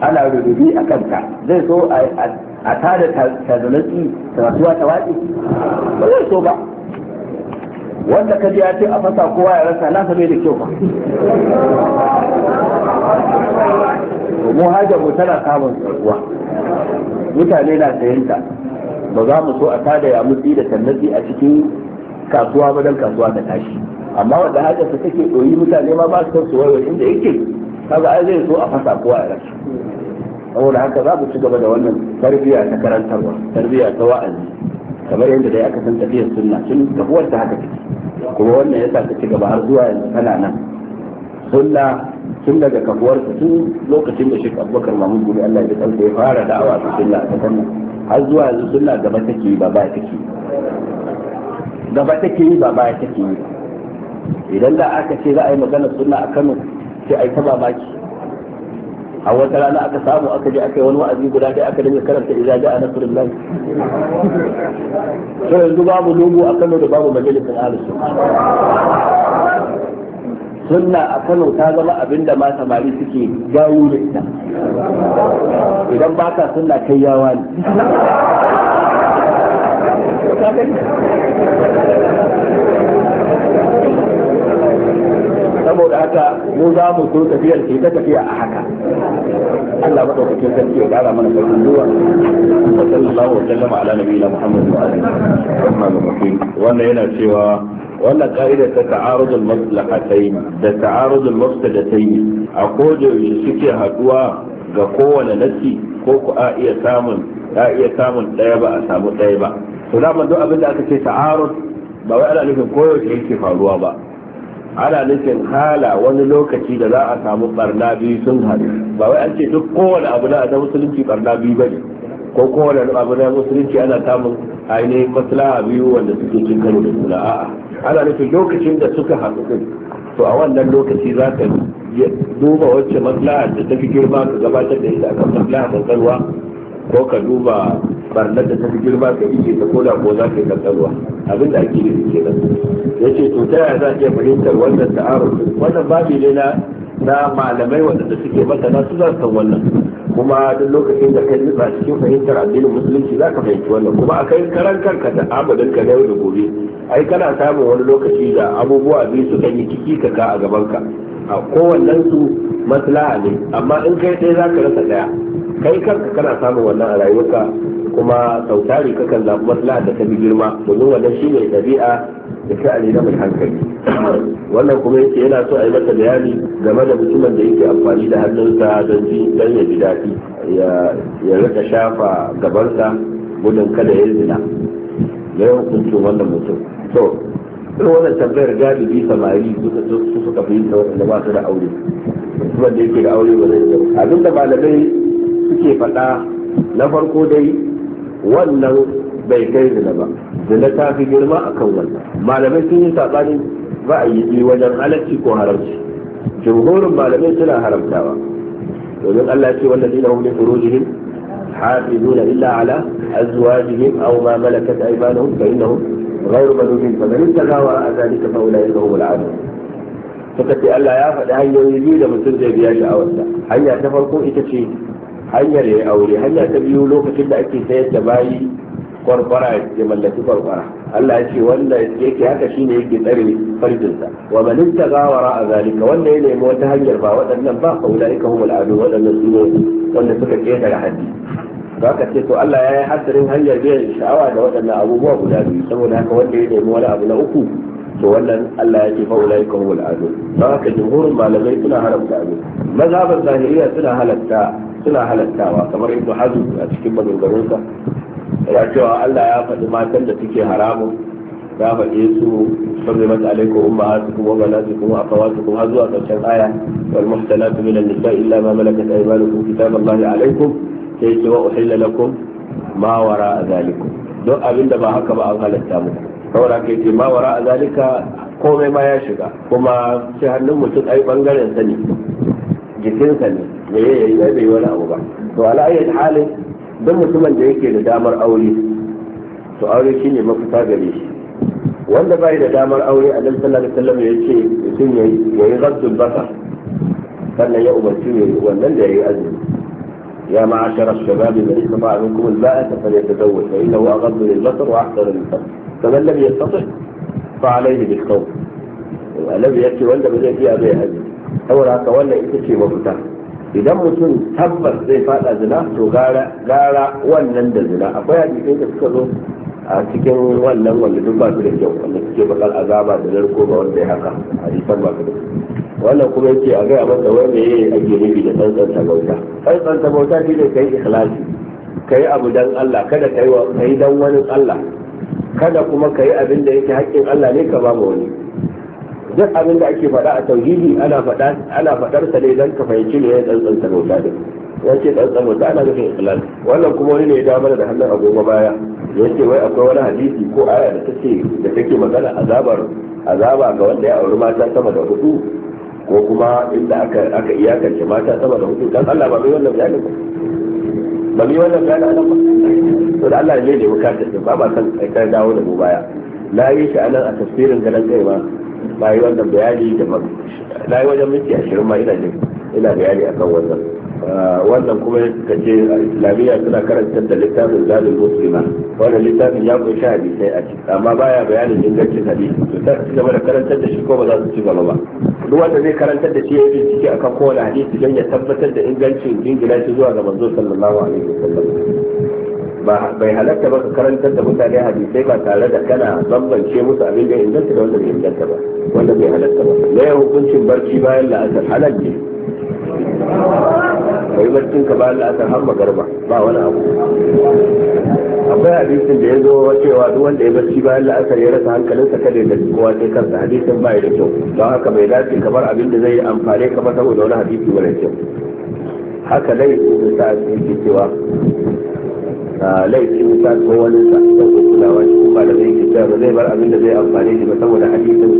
ana rububi a kanta zai so a tada tazalatsi kasuwa ta waɗi ba zai so ba wanda ka ji ya ce a fasa kowa ya rasa na bai da kyau ba mu hajar mu tana samun kasuwa mutane na sayanta ba za mu so a tada ya mutsi da tannatsi a cikin kasuwa ba don kasuwa ta tashi amma wanda hajar ta take ɗoyi mutane ma ba su san su warware inda yake kaga ai zai so a fasa kowa a rashi saboda haka za ku ci gaba da wannan tarbiyya ta karantarwa tarbiyya ta wa'azi kamar yadda dai aka san tafiyar sunna tun tafiyar ta haka take kuma wannan yasa ta ci gaba har zuwa yanzu tana nan sunna tun daga kafuwar ta tun lokacin da shekaru Abubakar Mahmud Gumi Allah ya tsanta ya fara da'awa ta sunna ta kanna har zuwa yanzu sunna gaba take ba ba take gaba take ba ba take idan da aka ce za a yi magana suna a Kano sai a yi ta babaki a wata rana aka samu aka je aka yi wani wa'azi guda ɗaya aka dinga karanta idza ja'a nasrullahi to yanzu babu lungu a Kano da babu majalisin ahlus sunna a Kano ta zama abin da ma samari suke gawo da ita idan baka sunna kai yawa ne saboda haka mu za mu so tafiyar ke ta tafiya a haka Allah madaukakin sarki ya kara mana sauƙin zuwa wa sallallahu wa sallama ala nabiyina Muhammad wa alihi wa sahbihi wannan yana cewa wannan ka'idar ta ta'arudul maslahatayn da ta'arudul mafsadatayn a koda suke haduwa ga kowane nasi ko ku a iya samun a iya samun daya ba a samu daya ba to da duk abin da aka ce ta'arud ba wai ana nufin koyaushe yake faruwa ba ana nufin hala wani lokaci da za a samu barna biyu sun haɗu ba wai an ce duk kowane abu na da musulunci barna biyu ba ne ko kowane abu na musulunci ana samun ainihin maslaha biyu wanda suke cin karo da suna a'a ana nufin lokacin da suka haɗu din to a wannan lokaci za ka duba wacce maslaha da ta fi girma ka gabatar da ita kan maslaha ko ka duba barnar da ta fi girma ka ije ta koda ko za ka yi kankarwa abin da ake nufi ke nan ya ce to ta yaya za a iya fahimtar wannan ta'arun wannan babi ne na na malamai waɗanda suke na su za su san wannan kuma duk lokacin da kai ba cikin fahimtar addinin musulunci za ka fahimci wannan kuma a kai karan kanka da amadin ka yau da gobe ai kana samun wani lokaci da abubuwa biyu su kan yi kiki ka a gaban ka a kowannen su maslaha ne amma in kai ɗaya za ka rasa ɗaya kai kanka kana samun wannan a rayuwarka kuma sautari kakan zaɓi maslaha da ta bi girma domin wannan shi ne ɗabi'a da sha'ani na mai hankali wannan kuma yake yana so a yi masa bayani game da mutumin da yake amfani da hannunsa don ji don ya ji daɗi ya rika shafa gabansa gudun kada ya zina da ya hukuncin wannan mutum to irin wannan tambayar galibi samari su suka fi yin da ba su da aure mutumin da yake da aure ba zai yi abinda malamai suke faɗa na farko dai wannan bai kai zina ba zina ta fi girma a kan wannan malamai sun yi saɓani ra'ayi wajen halarci ko haramci jumhurin malamai suna haramtawa domin Allah ce wannan dina hum li furujihim hafizuna illa ala azwajihim aw ma malakat aymanuhum fa innahum ghayru malubin fa man istaghawara zalika fa ulaika humul adun suka ce Allah ya faɗi hanyoyi biyu da mutum zai biya sha'awarsa hanya ta farko ita ce hanyar ya aure hanya ta biyu lokacin da ake sayar da bayi kwarkwara ya mallaki kwarkwara Allah ya ce wanda ke haka shine yake tsare farjinsa wa man ittaqa wara zalika wanda ya nemi wata hanyar ba waɗannan ba fa ulaika humul adu waɗannan su ne wanda suka ketare haddi To ka ce to Allah ya yi hadarin hanyar biyan sha'awa da waɗannan abubuwa guda biyu saboda haka wanda ya nemi wani abu na uku to wannan Allah ya ce fa ulaika humul adu don haka jumhurin malamai suna haramta abin mazhaban zahiriya suna halatta suna halattawa kamar ibnu hazm a cikin maganganunsa yana cewa Allah ya faɗi matan da suke haramun ya faɗe su sabbi mata alaikum ummahatukum wa kuma wa akhawatukum har zuwa ƙarshen aya wal muhsanatu min an-nisa illa ma malakat aymanukum kitaballahi alaikum sai ce wa uhilla lakum ma wara zalikum don abinda ba haka ba an halatta muku saboda kai ce ma wara zalika komai ma ya shiga kuma sai hannun mutum ai bangaren sa ne jikinsa ne da ya yi zai bai wani abu ba to ala ayyar halin don mutumin da yake da damar aure to aure shi ne mafita gare shi wanda bai da damar aure a nan sallallahu alaihi wasallam ya ce mutum ya yi rabdul basa sannan ya umarci ne wannan da ya yi azumi يا معشر الشباب من استطاع منكم الباءة فليتزوج فإنه أغض للبصر وأحسن للبصر فمن لم يستطع فعليه بالصوم الذي يأتي ولد بدأ فيها بها أول هكا ولا إنت شيء مفتاح idan mutum tabbas zai fada zina to gara wannan da zina akwai hadisin da suka zo a cikin wannan wanda duk ba su da kyau wanda suke bakar azaba da narko ba wanda ya haka hadisan ba su da wannan kuma yake a gaya masa wanda ya yi ake nufi da tsantsan bauta tsantsan bauta shi ne yi ikhlasi yi abu dan Allah kada ka yi don dan wani Allah kada kuma ka yi abin da yake haƙƙin Allah ne ka ba wani duk abin da ake faɗa a tauhidi ana faɗa ana faɗar sa ne dan ka fahimci ne ya tsantsan ta bauta ne yace tsantsan bauta ana nufin ikhlas wannan kuma wani ne ya damar da hannun agogo baya yace wai akwai wani hadisi ko aya da take da take magana azabar azaba ga wanda ya auri mata sama da hudu ko kuma inda aka aka iyakance mata sama da hudu dan Allah ba mai wannan bayanin ba mai wannan bayanin Allah ba to da Allah ne ne bukatar ba ba san kai dawo da mu baya na yi shi anan a tafsirin ganin kai ba bayi wannan bayani da na yi wajen minti ashirin ma ina jin ina bayani akan wannan ah, wannan kuma ka ce islamiyya suna karanta da littafin zalil muslima wannan littafin ya kunshi hadisai a ciki amma baya bayanin ingancin hadisi to ta ci gaba da karantar da shi ko ba za su ci gaba ba duk wanda zai karantar da shi ya ciki akan kowane hadisi don ya tabbatar da ingancin jingina shi zuwa ga manzo sallallahu alaihi wasallam bai halatta ba ka karantar da mutane hadisai ba tare da kana bambance musu abin da inganta da wanda bai inganta ba wanda bai halatta ba me ya hukuncin barci bayan la'asar halal ne bai barcin ka bayan la'asar har magarba ba wani abu akwai hadisin da ya zo cewa duk wanda ya barci bayan la'asar ya rasa hankalinsa kada ya tafi kowa sai kansa hadisin bai da kyau don haka bai dace kamar abin da zai amfani ka ba saboda wani hadisi mara kyau haka dai ibn sa'ad yake cewa laifin ta ko wani sa don ko kulawa shi kuma da zai kita ba zai bar abin da zai amfane shi ba saboda hadisin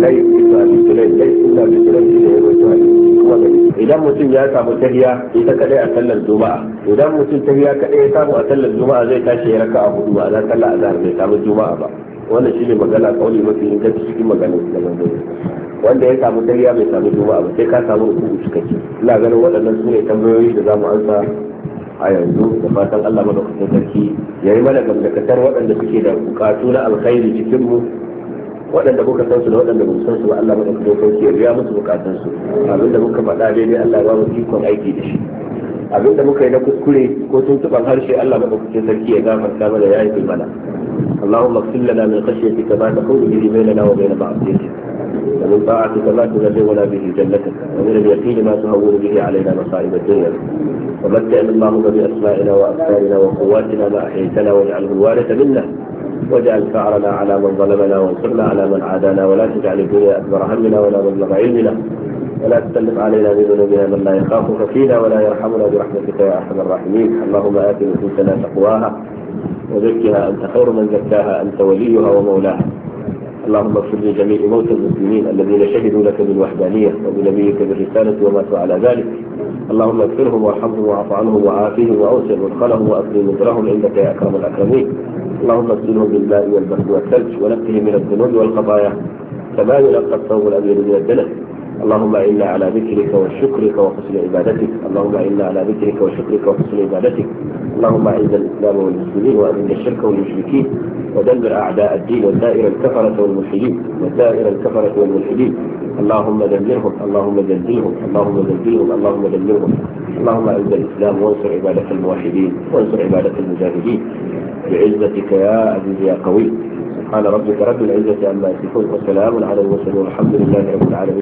laifin da abin da laifin da bi da laifin da ya rawaito ne kuma gani idan mutum ya samu tahiya ita kadai a sallar juma'a idan mutum tahiya kadai ya samu a sallar juma'a zai tashi ya a hudu ba za sallar azhar bai samu juma'a ba wannan shine magana kauli mafi inganci cikin magana da manzon wanda ya samu dariya bai samu juma'a ba sai ka samu uku cikakke ina ganin waɗannan su ne tambayoyi da za mu ansa a yanzu da fatan Allah madaukakin sarki ya yi mana gamdakatar waɗanda suke da bukatu na alkhairi cikin mu waɗanda kuka san su da waɗanda ba san su ba Allah madaukakin sarki ya riya musu bukatun su abinda muka faɗa daidai Allah ba mu ikon aiki da shi abinda muka yi na kuskure ko tuntuban harshe Allah madaukakin sarki ya gafarta mana ya yi mana اللهم اغفر لنا من خشيتك ما تحول به بيننا وبين معصيتك ومن طاعتك ما تبلغنا به جنتك ومن اليقين ما تهون به علينا مصائب الدنيا ومتعنا اللهم باسمائنا وابصارنا وقواتنا ما احييتنا واجعله الوارث منا واجعل فعلنا على من ظلمنا وانصرنا على من عادانا ولا تجعل الدنيا اكبر همنا ولا مبلغ علمنا ولا تسلط علينا بذنوبنا من لا يخافك فينا ولا يرحمنا برحمتك يا ارحم الراحمين اللهم ات نفوسنا تقواها وزكها انت خير من زكاها انت وليها ومولاها اللهم اغفر لجميع موتى المسلمين الذين شهدوا لك بالوحدانية وبنبيك بالرسالة وماتوا على ذلك اللهم اغفرهم وارحمهم واعف عنهم وعافهم واوسع مدخلهم واكرم نذرهم عندك يا اكرم الاكرمين اللهم اغسلهم بالماء والبرد والثلج ونقهم من الذنوب والخطايا كما يلقى الثوب الابيض من الدنس اللهم إنا على ذكرك وشكرك وحسن عبادتك اللهم إنا على ذكرك وشكرك وحسن عبادتك اللهم أعز الإسلام والمسلمين وأذل الشرك والمشركين ودمر أعداء الدين ودائر الكفرة والملحدين ودائر الكفرة والملحدين اللهم دمرهم اللهم دمرهم اللهم دمرهم اللهم دمرهم اللهم أعز الإسلام وانصر عبادة الموحدين وانصر عبادة المجاهدين بعزتك يا عزيز يا قوي سبحان ربك رب العزة عما يصفون وسلام على المرسلين والحمد لله رب العالمين